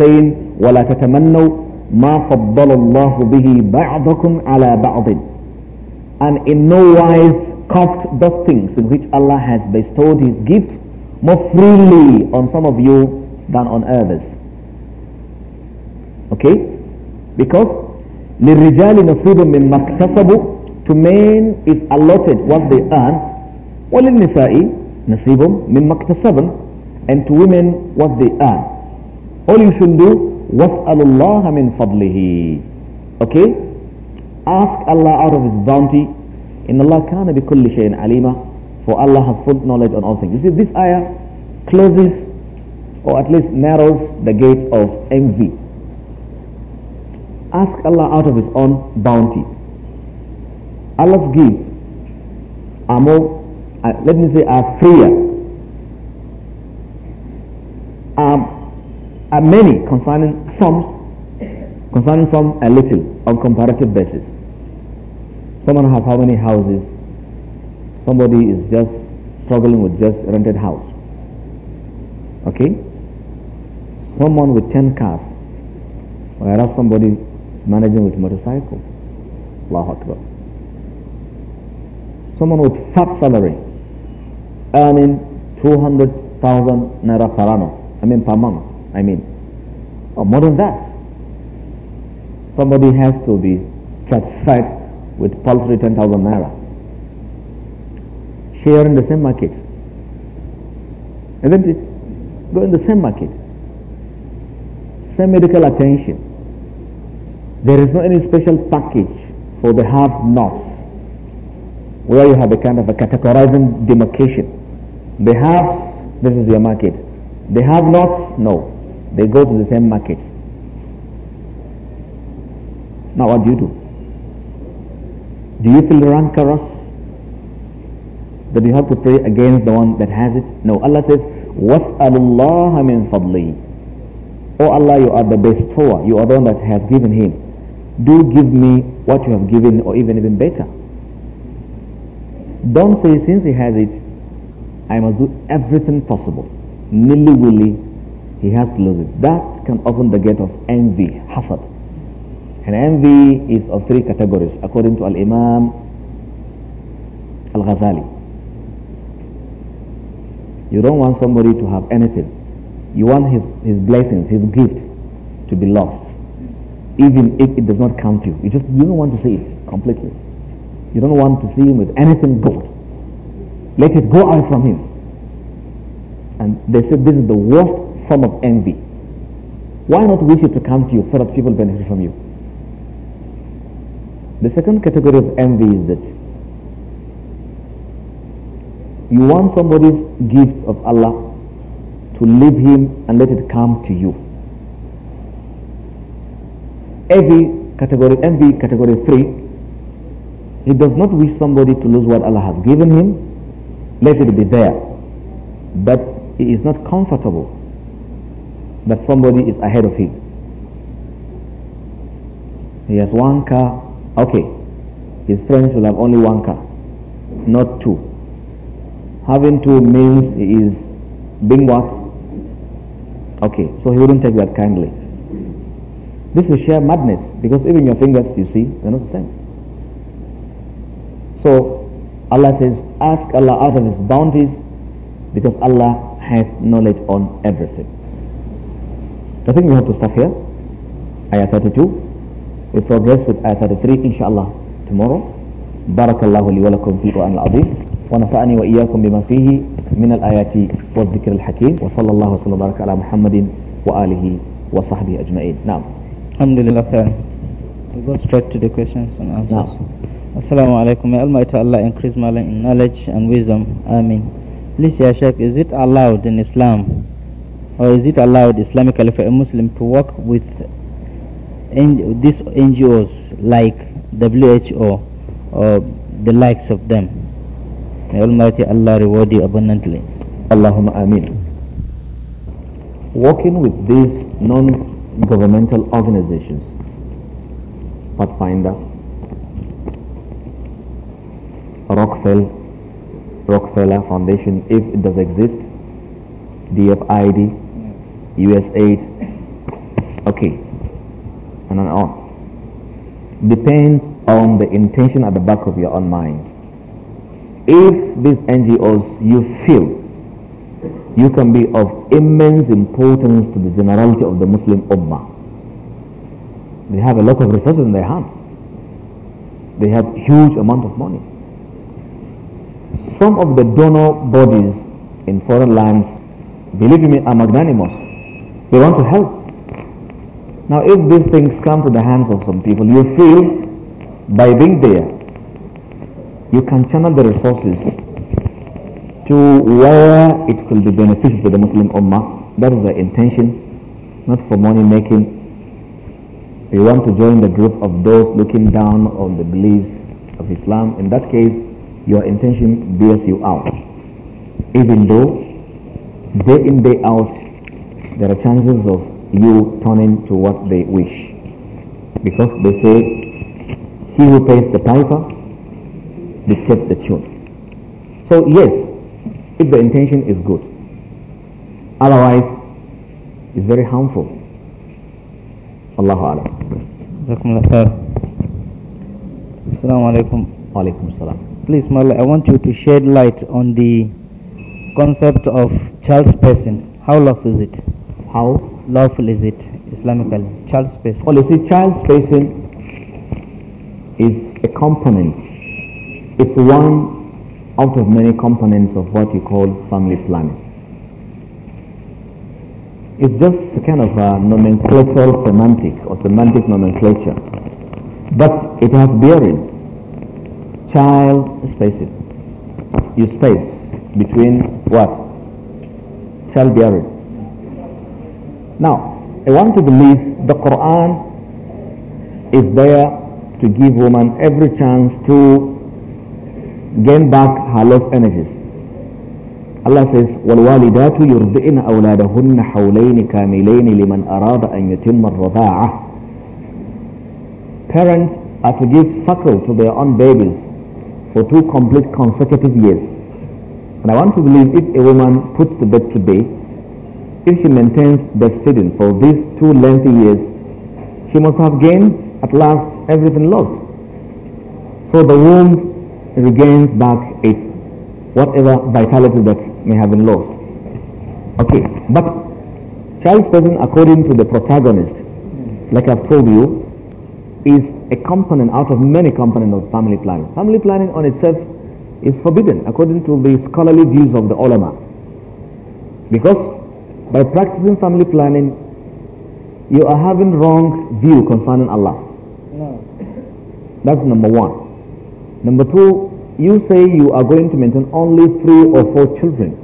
saying, وَلَا تَتَمَنَّوْا مَا فَضَّلَ اللَّهُ بِهِ بَعْضَكُمْ عَلَى بَعْضٍ And in no wise covet those things in which Allah has bestowed His gift more freely on some of you than on others. Okay? Because للرجال نصيب مما اكتسبوا to men is allotted what they earn وللنساء نصيب مما اكتسبن and to women what they earn all you should do واسأل الله من فضله okay ask Allah out of his bounty إن الله كان بكل شيء عليما for Allah has full knowledge on all things you see this ayah closes or at least narrows the gate of envy ask Allah out of His own bounty. Allah's gifts are more, uh, let me say, are freer, are, um, are many concerning some, concerning some a little on comparative basis. Someone has how many houses? Somebody is just struggling with just rented house. Okay? Someone with 10 cars, whereas somebody managing with motorcycle. Allahu Akbar. Someone with fat salary earning 200,000 naira per annum. I mean per month. I mean, or oh, more than that. Somebody has to be satisfied with paltry 10,000 naira. Share in the same market. Isn't it? Go in the same market. Same medical attention there is no any special package for the have-nots where you have a kind of a categorizing demarcation. They have, this is your market. They have nots, no. They go to the same market. Now what do you do? Do you feel rancorous that you have to pray against the one that has it? No. Allah says, "What Allah مِنْ Fadli. Oh Allah, you are the bestower. You are the one that has given him do give me what you have given or even even better. Don't say since he has it, I must do everything possible. Nilly-willy, he has to lose it. That can open the gate of envy, hasad. And envy is of three categories according to Al-Imam Al-Ghazali. You don't want somebody to have anything. You want his, his blessings, his gift to be lost even if it does not come to you. You just you don't want to see it completely. You don't want to see him with anything good. Let it go out from him. And they said this is the worst form of envy. Why not wish it to come to you so that people benefit from you? The second category of envy is that you want somebody's gifts of Allah to leave him and let it come to you. Every category, MV category 3, he does not wish somebody to lose what Allah has given him, let it be there. But he is not comfortable that somebody is ahead of him. He has one car, okay, his friends will have only one car, not two. Having two means he is being what? Okay, so he wouldn't take that kindly. This is sheer madness because even your fingers, you see, they're not the same. So Allah says, ask Allah out of His bounties because Allah has knowledge on everything. I think we have to stop here. Ayah 32. We progress with Ayah 33 inshallah tomorrow. بارك الله لي ولكم في القرآن العظيم. ونفعني وإياكم بما فيه من الآيات والذكر الحكيم وصلى الله وسلم وبارك على محمد وآله وصحبه أجمعين نعم Alhamdulillah, we will go straight to the questions and answers. No. Assalamu alaikum. May Almighty Allah increase my in knowledge and wisdom. Amin. Please, Ya Sheikh, is it allowed in Islam or is it allowed Islamically for a Muslim to work with in, these NGOs like WHO or the likes of them? May Almighty Allah reward you abundantly. Allahumma Ameen. Working with these non governmental organizations. Pathfinder, Rockefeller, Rockefeller Foundation, if it does exist, DFID, USAID, okay, and on. Depends on the intention at the back of your own mind. If these NGOs you feel you can be of immense importance to the generality of the Muslim Ummah. They have a lot of resources in their hands. They have huge amount of money. Some of the donor bodies in foreign lands, believe me, are magnanimous. They want to help. Now if these things come to the hands of some people, you feel by being there, you can channel the resources to where it could be beneficial for the Muslim Ummah. That is the intention, not for money making. We want to join the group of those looking down on the beliefs of Islam. In that case, your intention bears you out. Even though day in, day out, there are chances of you turning to what they wish. Because they say, he who pays the piper dictates the tune. So yes, if the intention is good. Otherwise, it's very harmful. Allahu Alam. Assalamu alaikum. Alaikum salam. Please, Mala, I want you to shed light on the concept of child's person. How lawful is it? How lawful is it Islamically? Child's person. Well, you see, child's person is a component. It's one out of many components of what we call family planning. It's just a kind of a nomenclatural semantic or semantic nomenclature, but it has bearing. Child spacing, you space between what? bearing. Now, I want to believe the Quran is there to give woman every chance to gain back her lost energies. Allah says, والوالدات يرضئن أولادهن حولين كاملين لمن أراد أن يتم الرضاعة. Parents are to give suckle to their own babies for two complete consecutive years. And I want to believe if a woman puts to bed today, if she maintains breastfeeding for these two lengthy years, she must have gained at last everything lost. So the womb regains back its whatever vitality that may have been lost. Okay, but child's person according to the protagonist, like I've told you, is a component out of many components of family planning. Family planning on itself is forbidden according to the scholarly views of the ulama. Because by practicing family planning, you are having wrong view concerning Allah. No. That's number one. Number two, you say you are going to maintain only three or four children.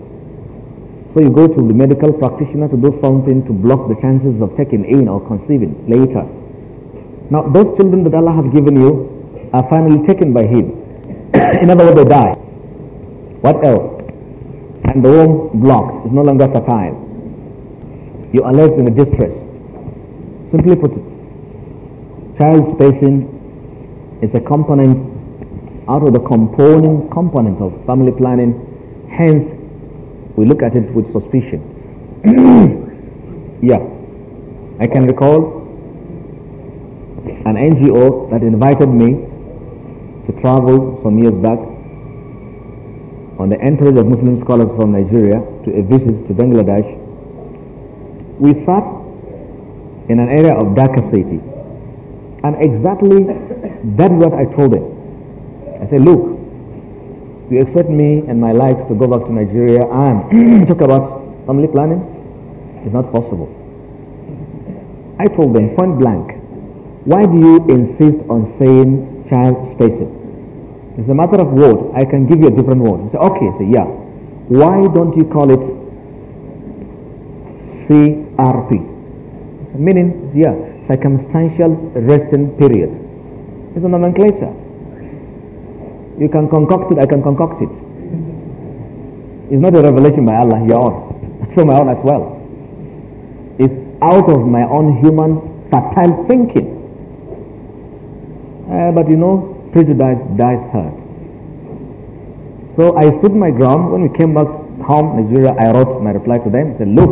So you go to the medical practitioner to do something to block the chances of taking in or conceiving later. Now those children that Allah has given you are finally taken by Him. in other words, they die. What else? And the womb blocked. It's no longer fertile. You are left in a distress. Simply put it, child spacing is a component out of the component component of family planning. Hence, we look at it with suspicion. yeah, I can recall an NGO that invited me to travel some years back on the entourage of Muslim scholars from Nigeria to a visit to Bangladesh. We sat in an area of Dhaka city, and exactly that's what I told them. I said, look, you expect me and my likes to go back to Nigeria and talk about family planning? It's not possible. I told them point blank, why do you insist on saying child spacing? It's a matter of word. I can give you a different word. say, okay, so yeah. Why don't you call it CRP? Meaning, yeah, circumstantial resting period. It's a nomenclature. You can concoct it, I can concoct it. It's not a revelation by Allah, your own. It's from my own as well. It's out of my own human fertile thinking. Uh, but you know, prejudice dies hard. So I stood my ground. When we came back home, Nigeria, I wrote my reply to them. I said, look,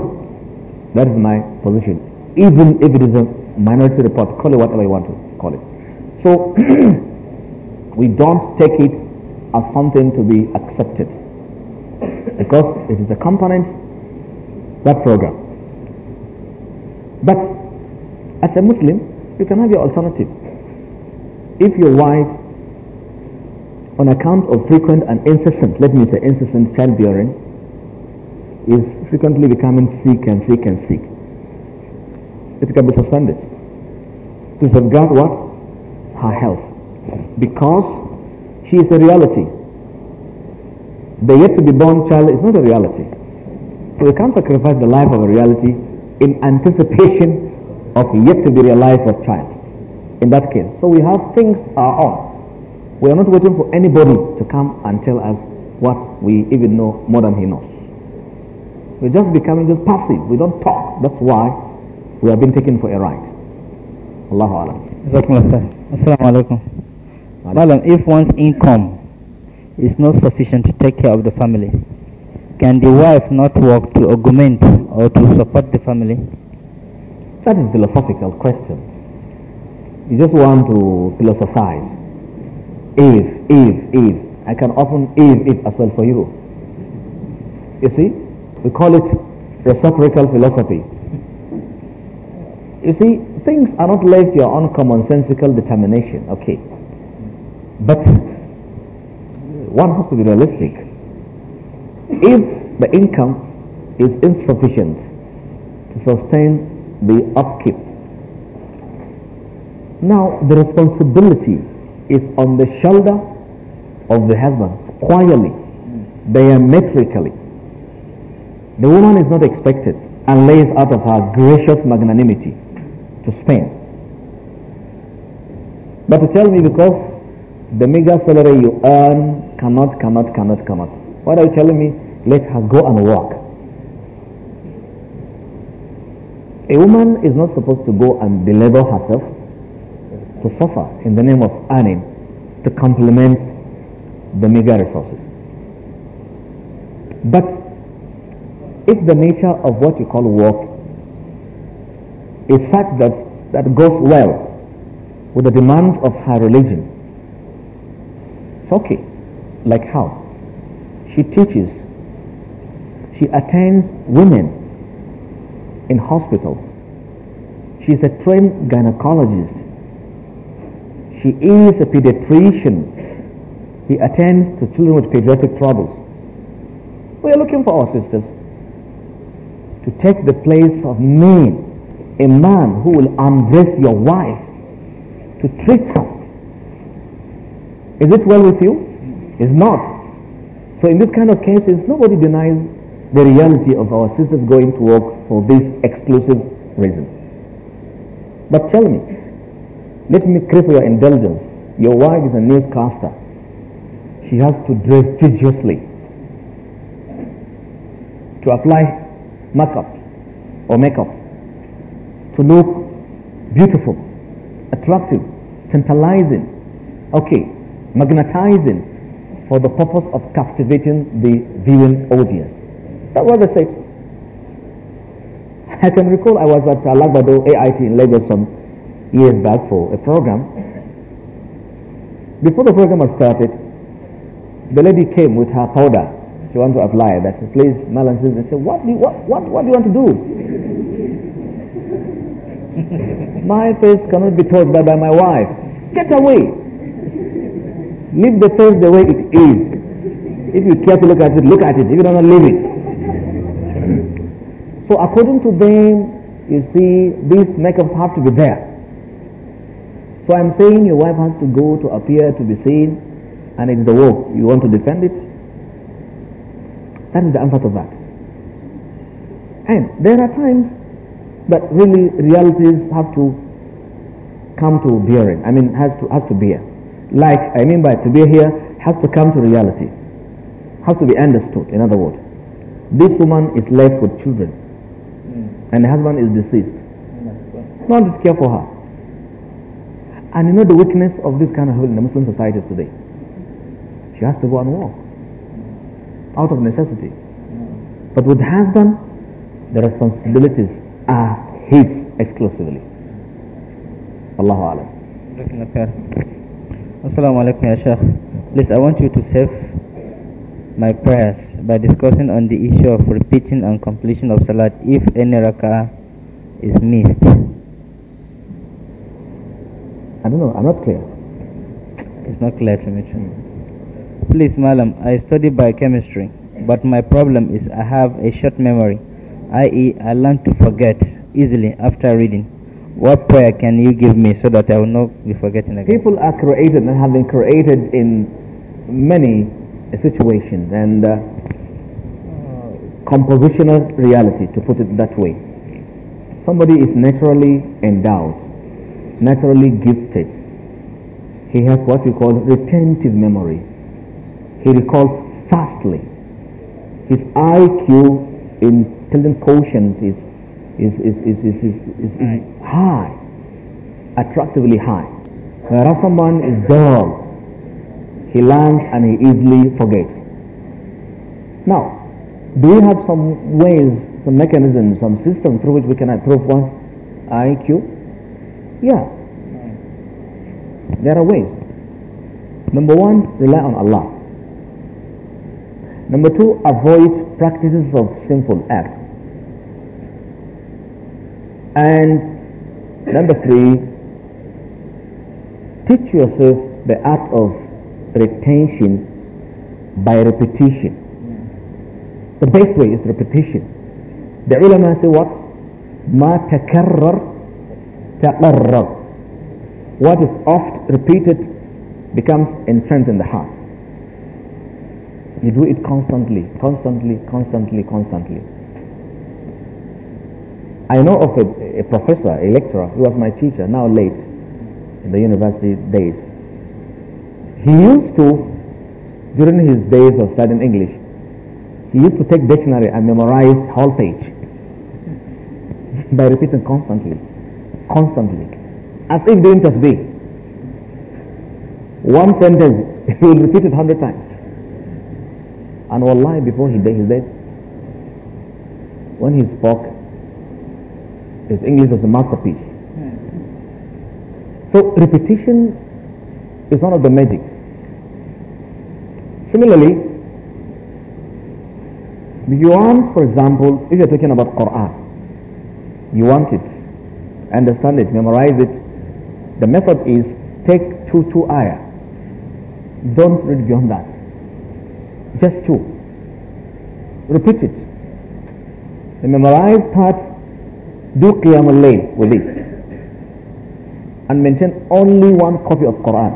that is my position. Even if it is a minority report, call it whatever you want to call it. So we don't take it as something to be accepted because it is a component that program but as a Muslim you can have your alternative if your wife on account of frequent and incessant let me say incessant childbearing is frequently becoming sick and sick and sick it can be suspended to safeguard what her health because she is a reality. The yet to be born child is not a reality. So we can't sacrifice the life of a reality in anticipation of yet to be realized of child. In that case, so we have things our own. We are not waiting for anybody to come and tell us what we even know more than he knows. We're just becoming just passive. We don't talk. That's why we have been taken for a ride. Allahu Alam. Assalamu alaikum. Madam, if one's income is not sufficient to take care of the family, can the wife not work to augment or to support the family? That is a philosophical question. You just want to philosophize. If, if, if. I can often if, if as well for you. You see? We call it reciprocal philosophy. You see, things are not left your own commonsensical determination. Okay. But uh, one has to be realistic. If the income is insufficient to sustain the upkeep, now the responsibility is on the shoulder of the husband, Quietly, diametrically. The woman is not expected and lays out of her gracious magnanimity to spend. But to tell me because the mega salary you earn cannot, cannot, cannot, cannot. What are you telling me? Let her go and work. A woman is not supposed to go and belabor herself to suffer in the name of earning to complement the mega resources. But if the nature of what you call work is such that, that goes well with the demands of her religion, Okay, like how? She teaches. She attends women in hospitals. She is a trained gynecologist. She is a pediatrician. He attends to children with pediatric troubles. We are looking for our sisters to take the place of men, a man who will embrace your wife, to treat her is it well with you? It's not. So in this kind of cases, nobody denies the reality of our sisters going to work for this exclusive reason. But tell me, let me crave your indulgence. Your wife is a newscaster. She has to dress judiciously to apply makeup or makeup to look beautiful, attractive, tantalizing. Okay, magnetizing for the purpose of captivating the viewing audience. That was the shape. I can recall I was at Alagbado AIT in Lagos some years back for a program. Before the program had started, the lady came with her powder. She wanted to apply that. She please, Malan and said, what do, you, what, what, what do you want to do? my face cannot be touched by, by my wife. Get away. Leave the face the way it is. If you care to look at it, look at it. If you don't, leave it. So according to them, you see, these makeups have to be there. So I'm saying your wife has to go to appear to be seen, and it's the work You want to defend it? That is the answer to that. And there are times that really realities have to come to bearing. I mean, has to has to bear like I mean by to be here has to come to reality, has to be understood. In other words, this woman is left with children, hmm. and the husband is deceased. No one to care for her. And you know the weakness of this kind of in the Muslim society today. She has to go and work hmm. out of necessity. Hmm. But with husband, the responsibilities are his exclusively. Allahu Alam. Assalamu alaikum ya Sheikh. Please, I want you to save my prayers by discussing on the issue of repeating and completion of Salat if any rak'ah is missed. I don't know, I'm not clear. It's not clear to me. Please, madam, I study biochemistry, but my problem is I have a short memory, i.e., I learn to forget easily after reading. What prayer can you give me so that I will not be forgetting again? People are created and have been created in many situations and uh, compositional reality, to put it that way. Somebody is naturally endowed, naturally gifted. He has what we call retentive memory. He recalls fastly. His IQ, intelligent quotient, is is, is, is, is, is, is, high, attractively high. Whereas someone is dull, he learns and he easily forgets. Now, do we have some ways, some mechanisms, some system through which we can improve one's IQ? Yeah. There are ways. Number one, rely on Allah. Number two, avoid practices of sinful acts. And number three, teach yourself the art of retention by repetition. The best way is repetition. The ulama say what? "Ma تكرر تقرر. What is oft repeated becomes entrenched in the heart. You do it constantly, constantly, constantly, constantly. I know of a, a professor, a lecturer, who was my teacher, now late in the university days. He used to, during his days of studying English, he used to take dictionary and memorize whole page by repeating constantly, constantly, as if doing be One sentence, he will repeat it hundred times. And wallahi, before he died, he dead, when he spoke, his English was a masterpiece. So repetition is one of the magics. Similarly, you want, for example, if you're talking about Quran, you want it, understand it, memorize it. The method is take two, two ayah. Don't read beyond that. Just two. Repeat it. Memorize parts. Do Qiyam al-Layl with it. And maintain only one copy of Quran.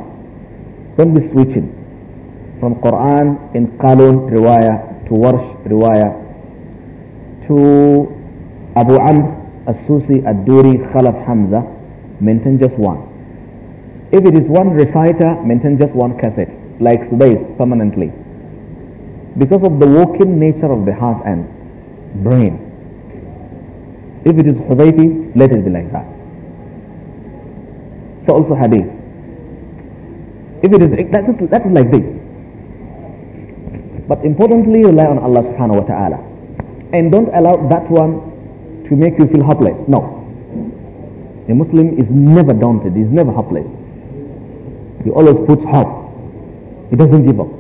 Don't be switching from Quran in Qalun Riwaya to Warsh Riwaya to Abu Amr As-Susi Ad-Duri Khalaf Hamza. Maintain just one. If it is one reciter, maintain just one cassette, like space permanently. Because of the working nature of the heart and brain, if it is Hudayfi, let it be like that. So also Hadith. If it is, that is, that is like this. But importantly, rely on Allah subhanahu wa ta'ala. And don't allow that one to make you feel hopeless. No. A Muslim is never daunted, he's never hopeless. He always puts hope. He doesn't give up.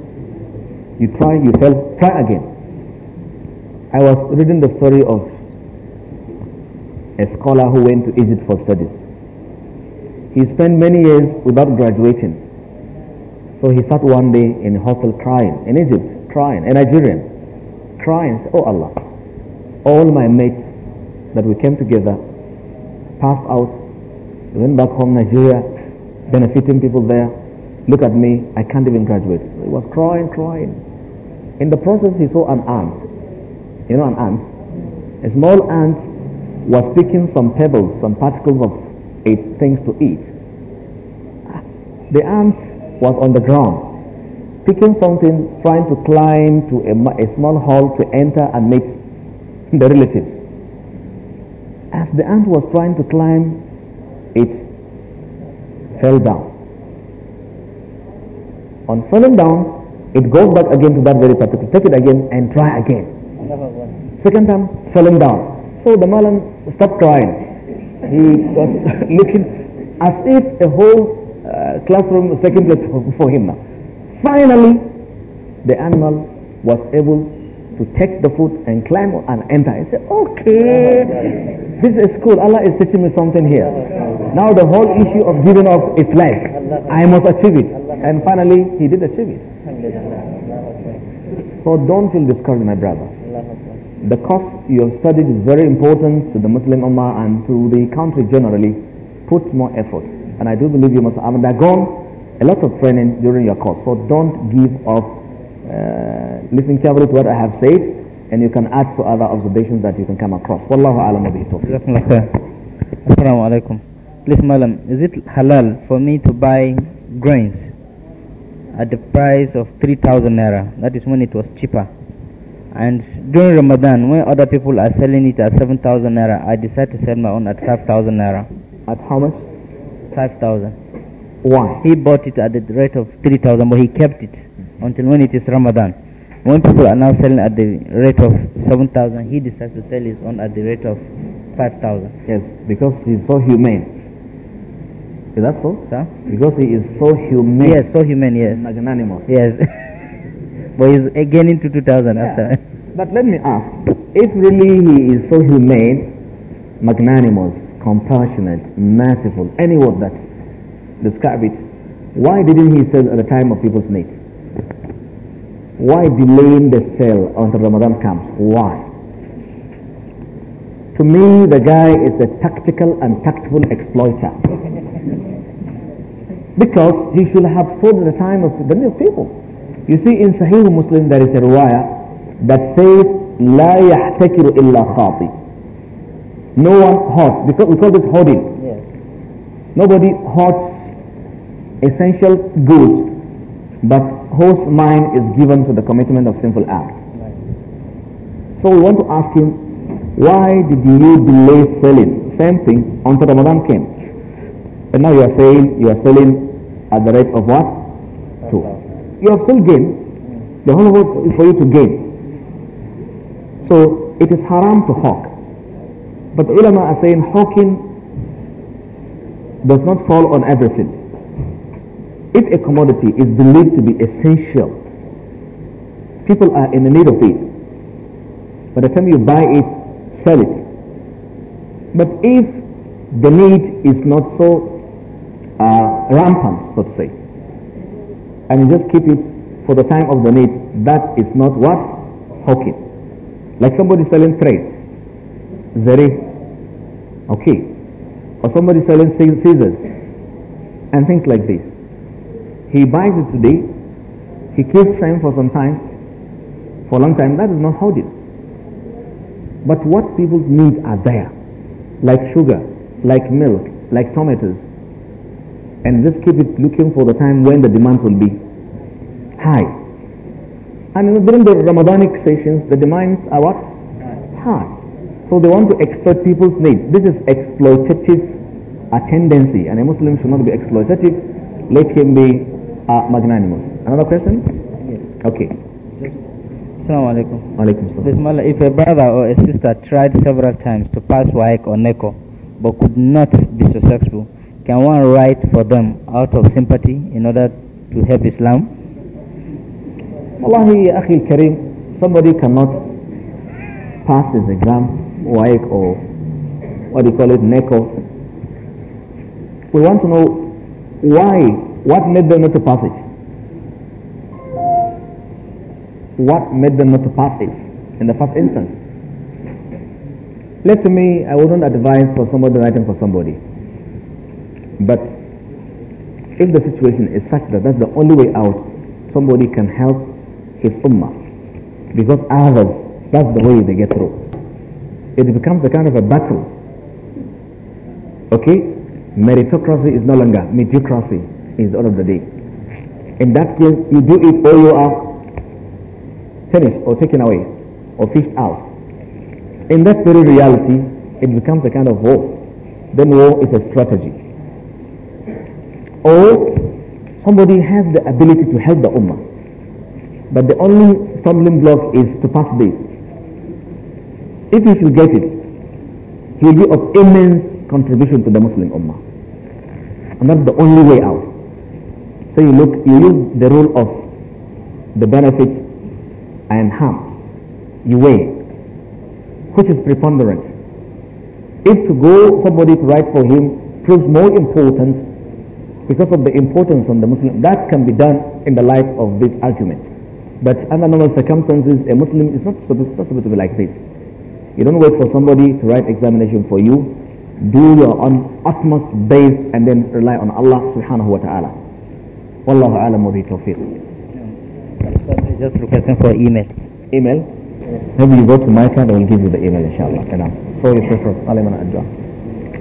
You try, you fail, try again. I was reading the story of a scholar who went to Egypt for studies. He spent many years without graduating. So he sat one day in a hostel crying, in Egypt, crying, a Nigerian, crying, Oh Allah, all my mates that we came together passed out, went back home, Nigeria, benefiting people there. Look at me, I can't even graduate. He was crying, crying. In the process, he saw an ant. You know an ant? A small ant was picking some pebbles, some particles of things to eat. The ant was on the ground, picking something, trying to climb to a, a small hole to enter and meet the relatives. As the ant was trying to climb, it fell down. On falling down, it goes back again to that very particular. Take it again and try again. Second time, falling down so the Malam stopped crying. He was looking as if a whole uh, classroom was taking place for, him now. Finally, the animal was able to take the food and climb and enter. He said, okay, this is cool. Allah is teaching me something here. Now the whole issue of giving up is like, I must achieve it. And finally, he did achieve it. So don't feel discouraged, my brother the course you have studied is very important to the Muslim Ummah and to the country generally. Put more effort. And I do believe you must have undergone a lot of training during your course. So don't give up. Uh, listen carefully to what I have said and you can add to other observations that you can come across. Wallahu alam wa alaikum. Please madam, is it halal for me to buy grains at the price of 3000 naira? That is when it was cheaper and during Ramadan, when other people are selling it at 7,000 naira, I decide to sell my own at 5,000 naira. At how much? 5,000. Why? He bought it at the rate of 3,000, but he kept it until when it is Ramadan. When people are now selling at the rate of 7,000, he decides to sell his own at the rate of 5,000. Yes, because he's so humane. Is that so? Sir? Because he is so humane. Yes, so humane, yes. Magnanimous. Yes. But he's again into 2000 yeah. after. But let me ask, if really he is so humane, magnanimous, compassionate, merciful, any word that describe it, why didn't he sell at the time of people's need? Why delaying the sale until Ramadan comes? Why? To me, the guy is a tactical and tactful exploiter. because he should have sold at the time of the need of people. You see in Sahih Muslim there is a riwayah that says لا يحتكر إلا خاطئ. No one hoards because we call this hoarding. Yes. Nobody hoards essential goods but whose mind is given to the commitment of sinful act. Right. So we want to ask him, why did you delay selling? Same thing until Ramadan came. And now you are saying you are selling at the rate of what? you have still gained. The whole world is for you to gain. So it is haram to hawk. But ulama are saying hawking does not fall on everything. If a commodity is believed to be essential, people are in the need of it. By the time you buy it, sell it. But if the need is not so uh, rampant, so to say, and you just keep it for the time of the need. That is not what? Hawking. Like somebody selling threads. Zeri. Okay. Or somebody selling scissors. And things like this. He buys it today. He keeps same for some time. For a long time. That is not hoarding. But what people need are there. Like sugar, like milk, like tomatoes, and just keep it looking for the time when the demand will be high. And during the Ramadanic sessions, the demands are what? High. So they want to exploit people's needs. This is exploitative a tendency, and a Muslim should not be exploitative. Let him be magnanimous. Another question? Yes. Okay. Assalamu alaikum. If a brother or a sister tried several times to pass waik or neko but could not be successful, can one write for them out of sympathy in order to help Islam? Wallahi, Akhil Karim, somebody cannot pass his exam, WAEC or what do you call it, NECO. We want to know why, what made them not to pass it? What made them not to pass it in the first instance? Let me, I wouldn't advise for somebody writing for somebody. But if the situation is such that that's the only way out, somebody can help his ummah. Because others, that's the way they get through. It becomes a kind of a battle. Okay? Meritocracy is no longer mediocracy. is all of the day. In that case, you do it or you are finished or taken away or fished out. In that very reality, it becomes a kind of war. Then war is a strategy. Or somebody has the ability to help the ummah. But the only stumbling block is to pass this. If he should get it, he will be of immense contribution to the Muslim ummah. And that's the only way out. So you look, you use the rule of the benefits and harm. You weigh which is preponderant. If to go somebody to write for him proves more important because of the importance on the Muslim. That can be done in the light of this argument. But under normal circumstances, a Muslim is not supposed, not supposed to be like this. You don't wait for somebody to write examination for you. Do your own utmost best and then rely on Allah subhanahu wa ta'ala. Wallahu alam wa tawfiq. Just requesting for email. Email? Maybe you go to my card, I will give you the email inshallah. So you prefer. Aliman Adjah.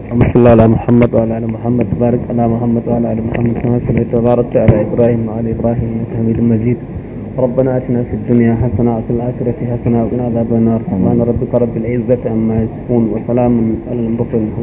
اللهم صل على محمد وعلى ال محمد بارك على محمد وعلى ال محمد كما صليت وباركت على ابراهيم وعلى ابراهيم انك حميد مجيد ربنا اتنا في الدنيا حسنه وفي الاخره حسنه وقنا عذاب النار سبحان ربك رب العزه عما يصفون وسلام على المرسلين